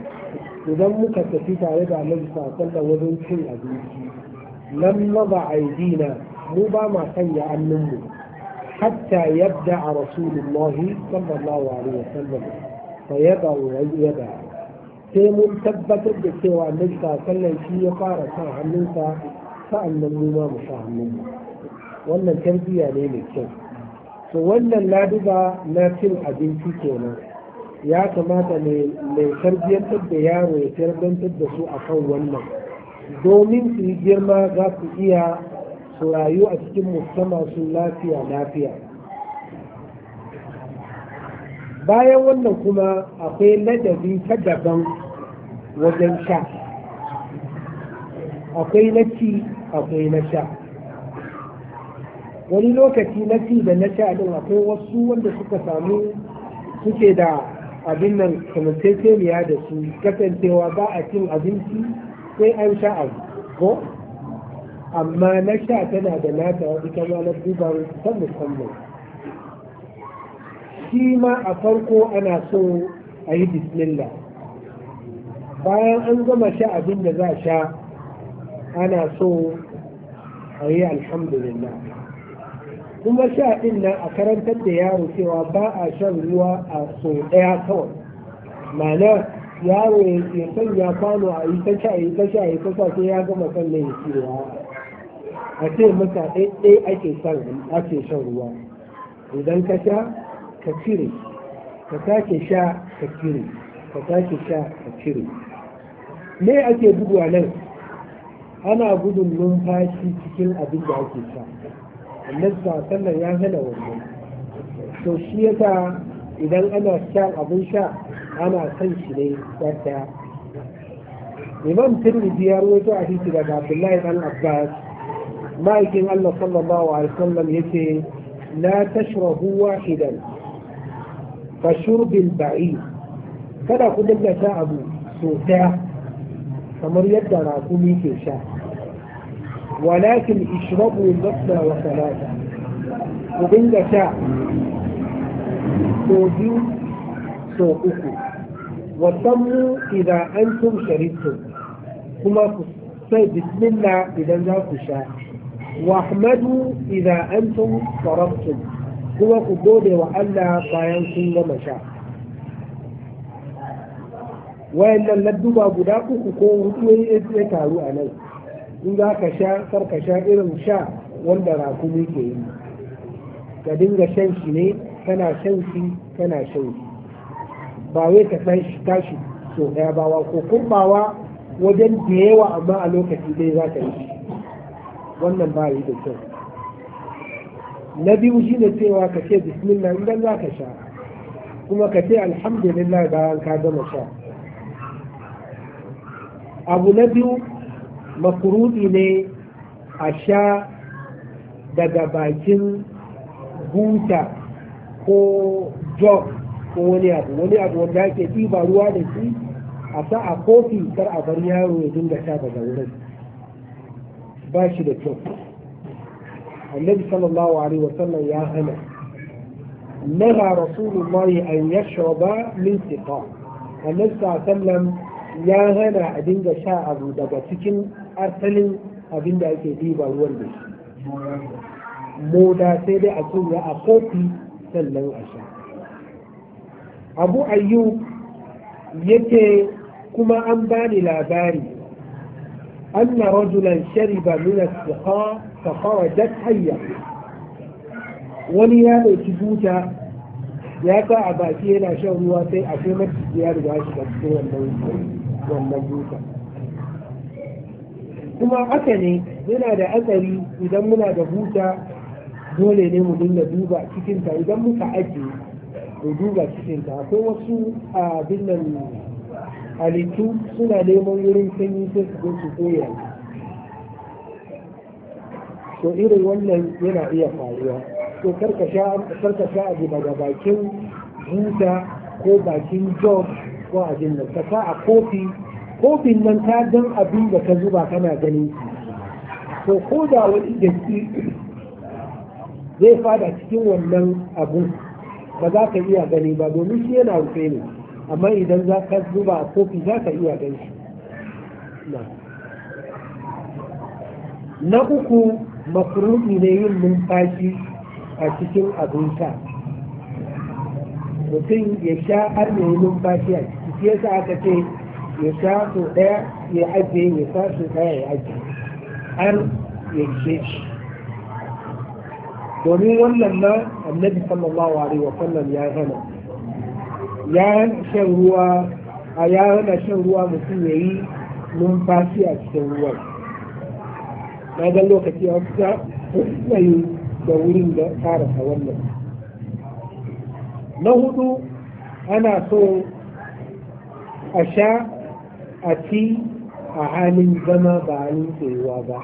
idan muka tafi tare da annabi sallallahu wajen cin abinci lam nada aidina mu ba ma sanya annunmu hatta yabda a rasulullahi sallallahu alaihi wasallam fa yaba wa yaba sai mun tabbatar da cewa annabi sallallahu shi ya fara sa hannunsa sa'annan mu ma mu sa hannunmu wannan tarbiyya ne mai kyau to wannan laduba na cin abinci kenan ya kamata mai tarbiyyantar da yaro ya tarbiyyantar da su a kan wannan domin su yi girma za su iya su rayu a cikin musamman su lafiya lafiya bayan wannan kuma akwai ladabi ta daban wajen sha akwai na ci akwai na sha wani lokaci na ci da na sha din akwai wasu wanda suka samu suke da abin nan kamanceceniya da su kasancewa ba a cin abinci sai an sha abu ko amma na sha tana da nata ita ma na dubar ta musamman shi ma a farko ana so a yi bismillah bayan an gama sha abin da za a sha ana so a yi alhamdulillah kuma sha ɗin nan a karantar da yaro cewa ba a shan ruwa a so ɗaya kawai mana yaro ya ya kwano a yi ta sha yi ta sha yi ta sha sai ya gama sannan ya ci ruwa a ce masa ɗaiɗai ake shan ruwa idan ka sha ka cire ka sake sha ka cire ka sake sha ka cire me ake gudu nan ana gudun numfashi cikin abin da ake sha annabi sallallahu ya hana wannan to shi yasa idan ana shan abin sha ana san shi ne wata imam tirmidhi ya rawaito a hadisi daga abdullahi dan abbas ma'aikin allah sallallahu alaihi wasallam yace la tashrabu wahidan ka shurbil ba'i kada ku dinga sha abu so daya kamar yadda rakumi ke sha ولكن اشربوا مثنى وثلاثة وبين شاء سوبيو سوبكو وصموا إذا أنتم شربتم كما تصيب بسم الله إذا جاءت شاء واحمدوا إذا أنتم ضربتم هو قدود وألا باينكم سنة مشاء وإن اللدو بابداكو كوكو هو يتعلو عليه in za ka sha kar ka sha irin sha wanda rakumi ke yi ka dinga shan shi ne kana shan shi kana shan shi ba wai ka san shi tashi so ɗaya bawa ko kurbawa wajen da yawa amma a lokaci dai za ka yi shi wannan ba yi da kyau na biyu shi ne cewa ka ce bismillah idan za ka sha kuma ka ce alhamdulillah bayan ka gama sha abu na biyu Makurudi ne a sha daga bakin buta ko jog ko wani abu wani abu wanda ake ɗiba ruwa da shi a sa a kofi kar a bar yaro ya dinga sha daga wurin ba shi da kyau annabi sallallahu alaihi wa sallam ya hana نهى رسول الله أن يشرب من سقاء النبي صلى الله عليه وسلم يا هنا أدين شاء أبو دبتكن asalin abin da ake diba ruwan da shi moda sai dai a tura a kofi sannan a sha abu ayyu yake kuma an bani labari أن رجلا شرب من السقاء فخرجت حية wani ya ɗauki buta ya sa a baki yana shan ruwa sai a kai mata ya riga shi cikin wannan buta kuma haka ne yana da asali idan muna da huta dole ne mu dinga duba cikinta idan muka ake mu duba cikinta akwai wasu abin nan halittu suna neman wurin sanyi sai su zo su koya to irin wannan yana iya faruwa to karka sha abu da bakin huta ko bakin job ko abin nan ka sa a kofi kofin nan ka gan abin da ka zuba kana ganin to ko da wani gaske zai fada cikin wannan abun ba za ka iya gani ba domin shi yana rufe ne amma idan za ka zuba a kofi za ka iya gani na uku makuruɗi ne yin numfashi a cikin abin sha mutum ya sha har ne numfashi a ciki sai aka ce يساق ده يعدي يساق ده يعدي أن يجيش ومن ولما النبي صلى الله عليه وسلم يا هنا يا هنا شروا يا هنا شروا مسيحي من فاسي أشروا ما قال كتير أكثر ما يدورين ده كارثة ولا نهضوا أنا سو أشاء a fi a halin zama ba halin tsayuwa ba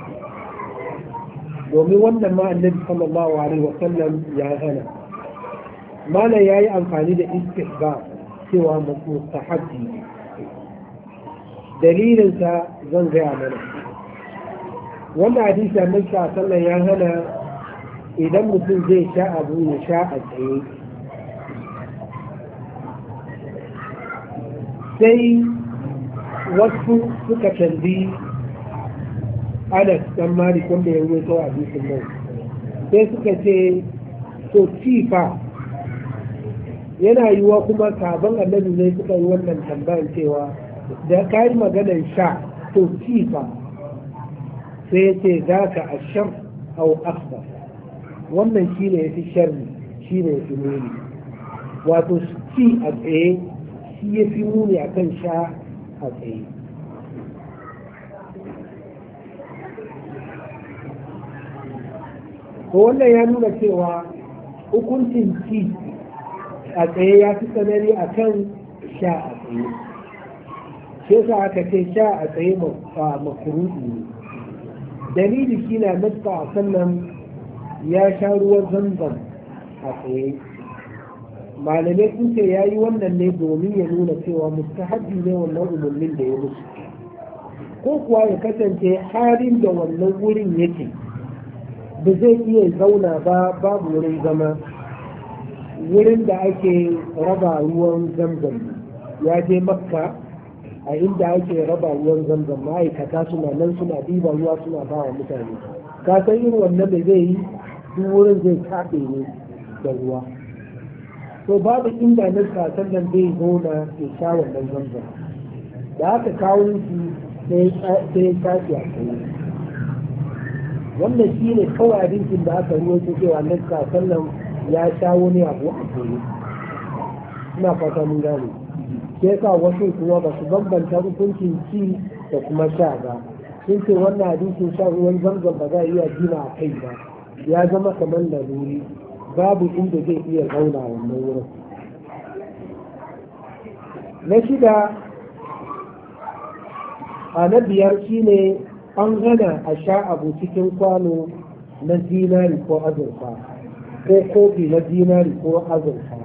domin wannan ma annabi sallallahu alaihi wasallam ya hana mala ya yi amfani da istihba cewa mustahabbi dalilinsa zan gaya mana wannan hadisi annabi sallallahu ya hana idan mutum zai sha abu ya sha a tsaye sai wasu suka canzi anas dan malik wanda ya ruwaito a bisin nan sai suka ce to cifa yana yiwuwa kuma sabon annabi ne suka yi wannan tambayan cewa da ka yi maganar sha to cifa sai ya ce za ka a shan hau wannan shi ne ya fi sharri shi ne ya fi muni wato ci a tsaye shi ya fi muni a kan sha a wannan ya nuna cewa hukuncin ci a tsaye ya fi tsanani a kan sha a tsaye shi yasa aka ce sha a tsaye makuruɗi ne dalili shi na nasta a sannan ya sha ruwan zanzan a tsaye malamai sun ce ya yi wannan ne domin ya nuna cewa mustahabi ne wannan umarnin da ya musu ko kuwa ya kasance halin da wannan wurin yake da zai iya zauna ba babu wurin zama wurin da ake raba ruwan zamzam ya je makka a inda ake raba ruwan zamzam ma'aikata suna nan suna ɗiba ruwa suna ba wa mutane ka san irin wannan da zai yi duk wurin zai taɓe ne da ruwa to babu inda na kasar nan zai zo da ya sha wannan zamzam da aka kawo su sai ya kafi a kai wannan shi ne kawai abincin da aka ruwa su cewa na kasar nan ya sha wani abu a kai suna fata mun gane ke ka wasu kuma ba su bambanta hukuncin ci da kuma sha ba sun ce wannan abincin sha ruwan zamzam ba za a iya jina a kai ba ya zama kamar laluri babu inda zai iya zauna wannan wurin na shida a na biyar shi ne an gana a sha abu cikin kwano na zinari ko azurfa ko kofi na zinari ko azurfa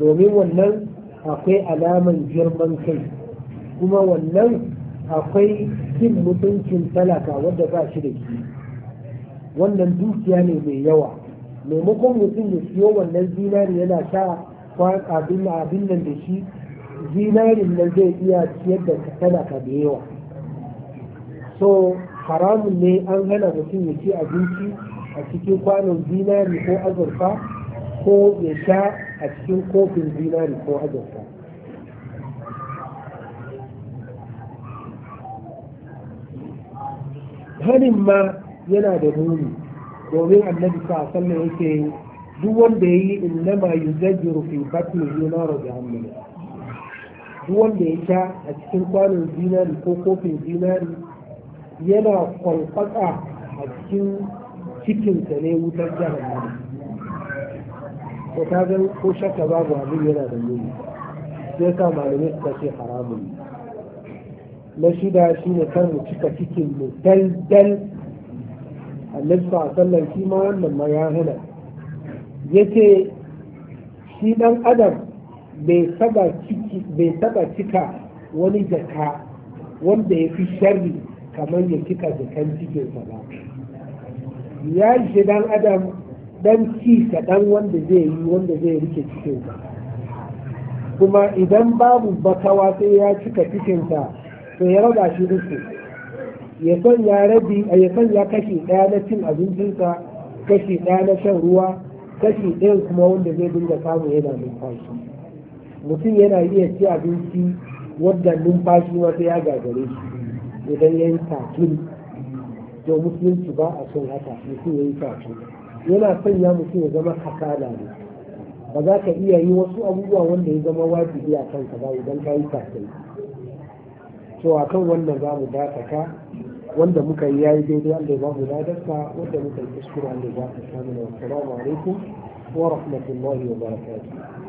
domin wannan akwai alaman girman kai kuma wannan akwai cin mutuncin talaka wadda ba shi da shi wannan dukiya ne mai yawa maimakon mutum ya siyo wannan zinari yana sha abin abin nan da shi zinarin na zai iya ciyar da talaka da yawa so haramun ne an hana mutum ya ci abinci a cikin kwanon zinari ko azurfa ko ya sha a cikin kofin zinari ko azurfa hanin ma yana da muni domin annabi sa sallan yake duk wanda yayi yi innama yuzajjiru fi batni zinaro jahannam duk wanda ya sha a cikin kwanon zinari ko kofin zinari yana kwalfaka a cikin cikinsa ne wutar jahannam ko ta ga ko shakka babu abin yana da nuni sai ka malamai suka ce haramun na shida shine kan mu cika cikin mu dal annabta a sallan shi ma wannan ma ya hana yace shi ɗan adam bai taɓa cika wani jaka wanda ya fi sharri kamar ya cika jakan cikinsa ba ya shi dan adam ɗan ci kaɗan wanda zai yi wanda zai rike cikinsa kuma idan babu bakawa sai ya cika cikinsa to ya raba shi rufe ya ya rabi ya ya kashe ɗaya na cin abincinsa kashe ɗaya na shan ruwa kashe ɗaya kuma wanda zai dinga samu yana numfashi mutum yana iya ci abinci wadda numfashi wata ya gagare shi idan ya yi takin to musulunci ba a son haka mutum ya yi takin yana sanya mutum ya zama kasala ne ba za ka iya yi wasu abubuwa wanda ya zama wajibi a kanka ba idan ka yi takin to a kan wannan za mu dakata wanda muka yi yayi daidai wanda ya bamu ladarsa wanda muka yi kuskure wanda ya bamu samu assalamu alaikum wa rahmatullahi wa barakatuh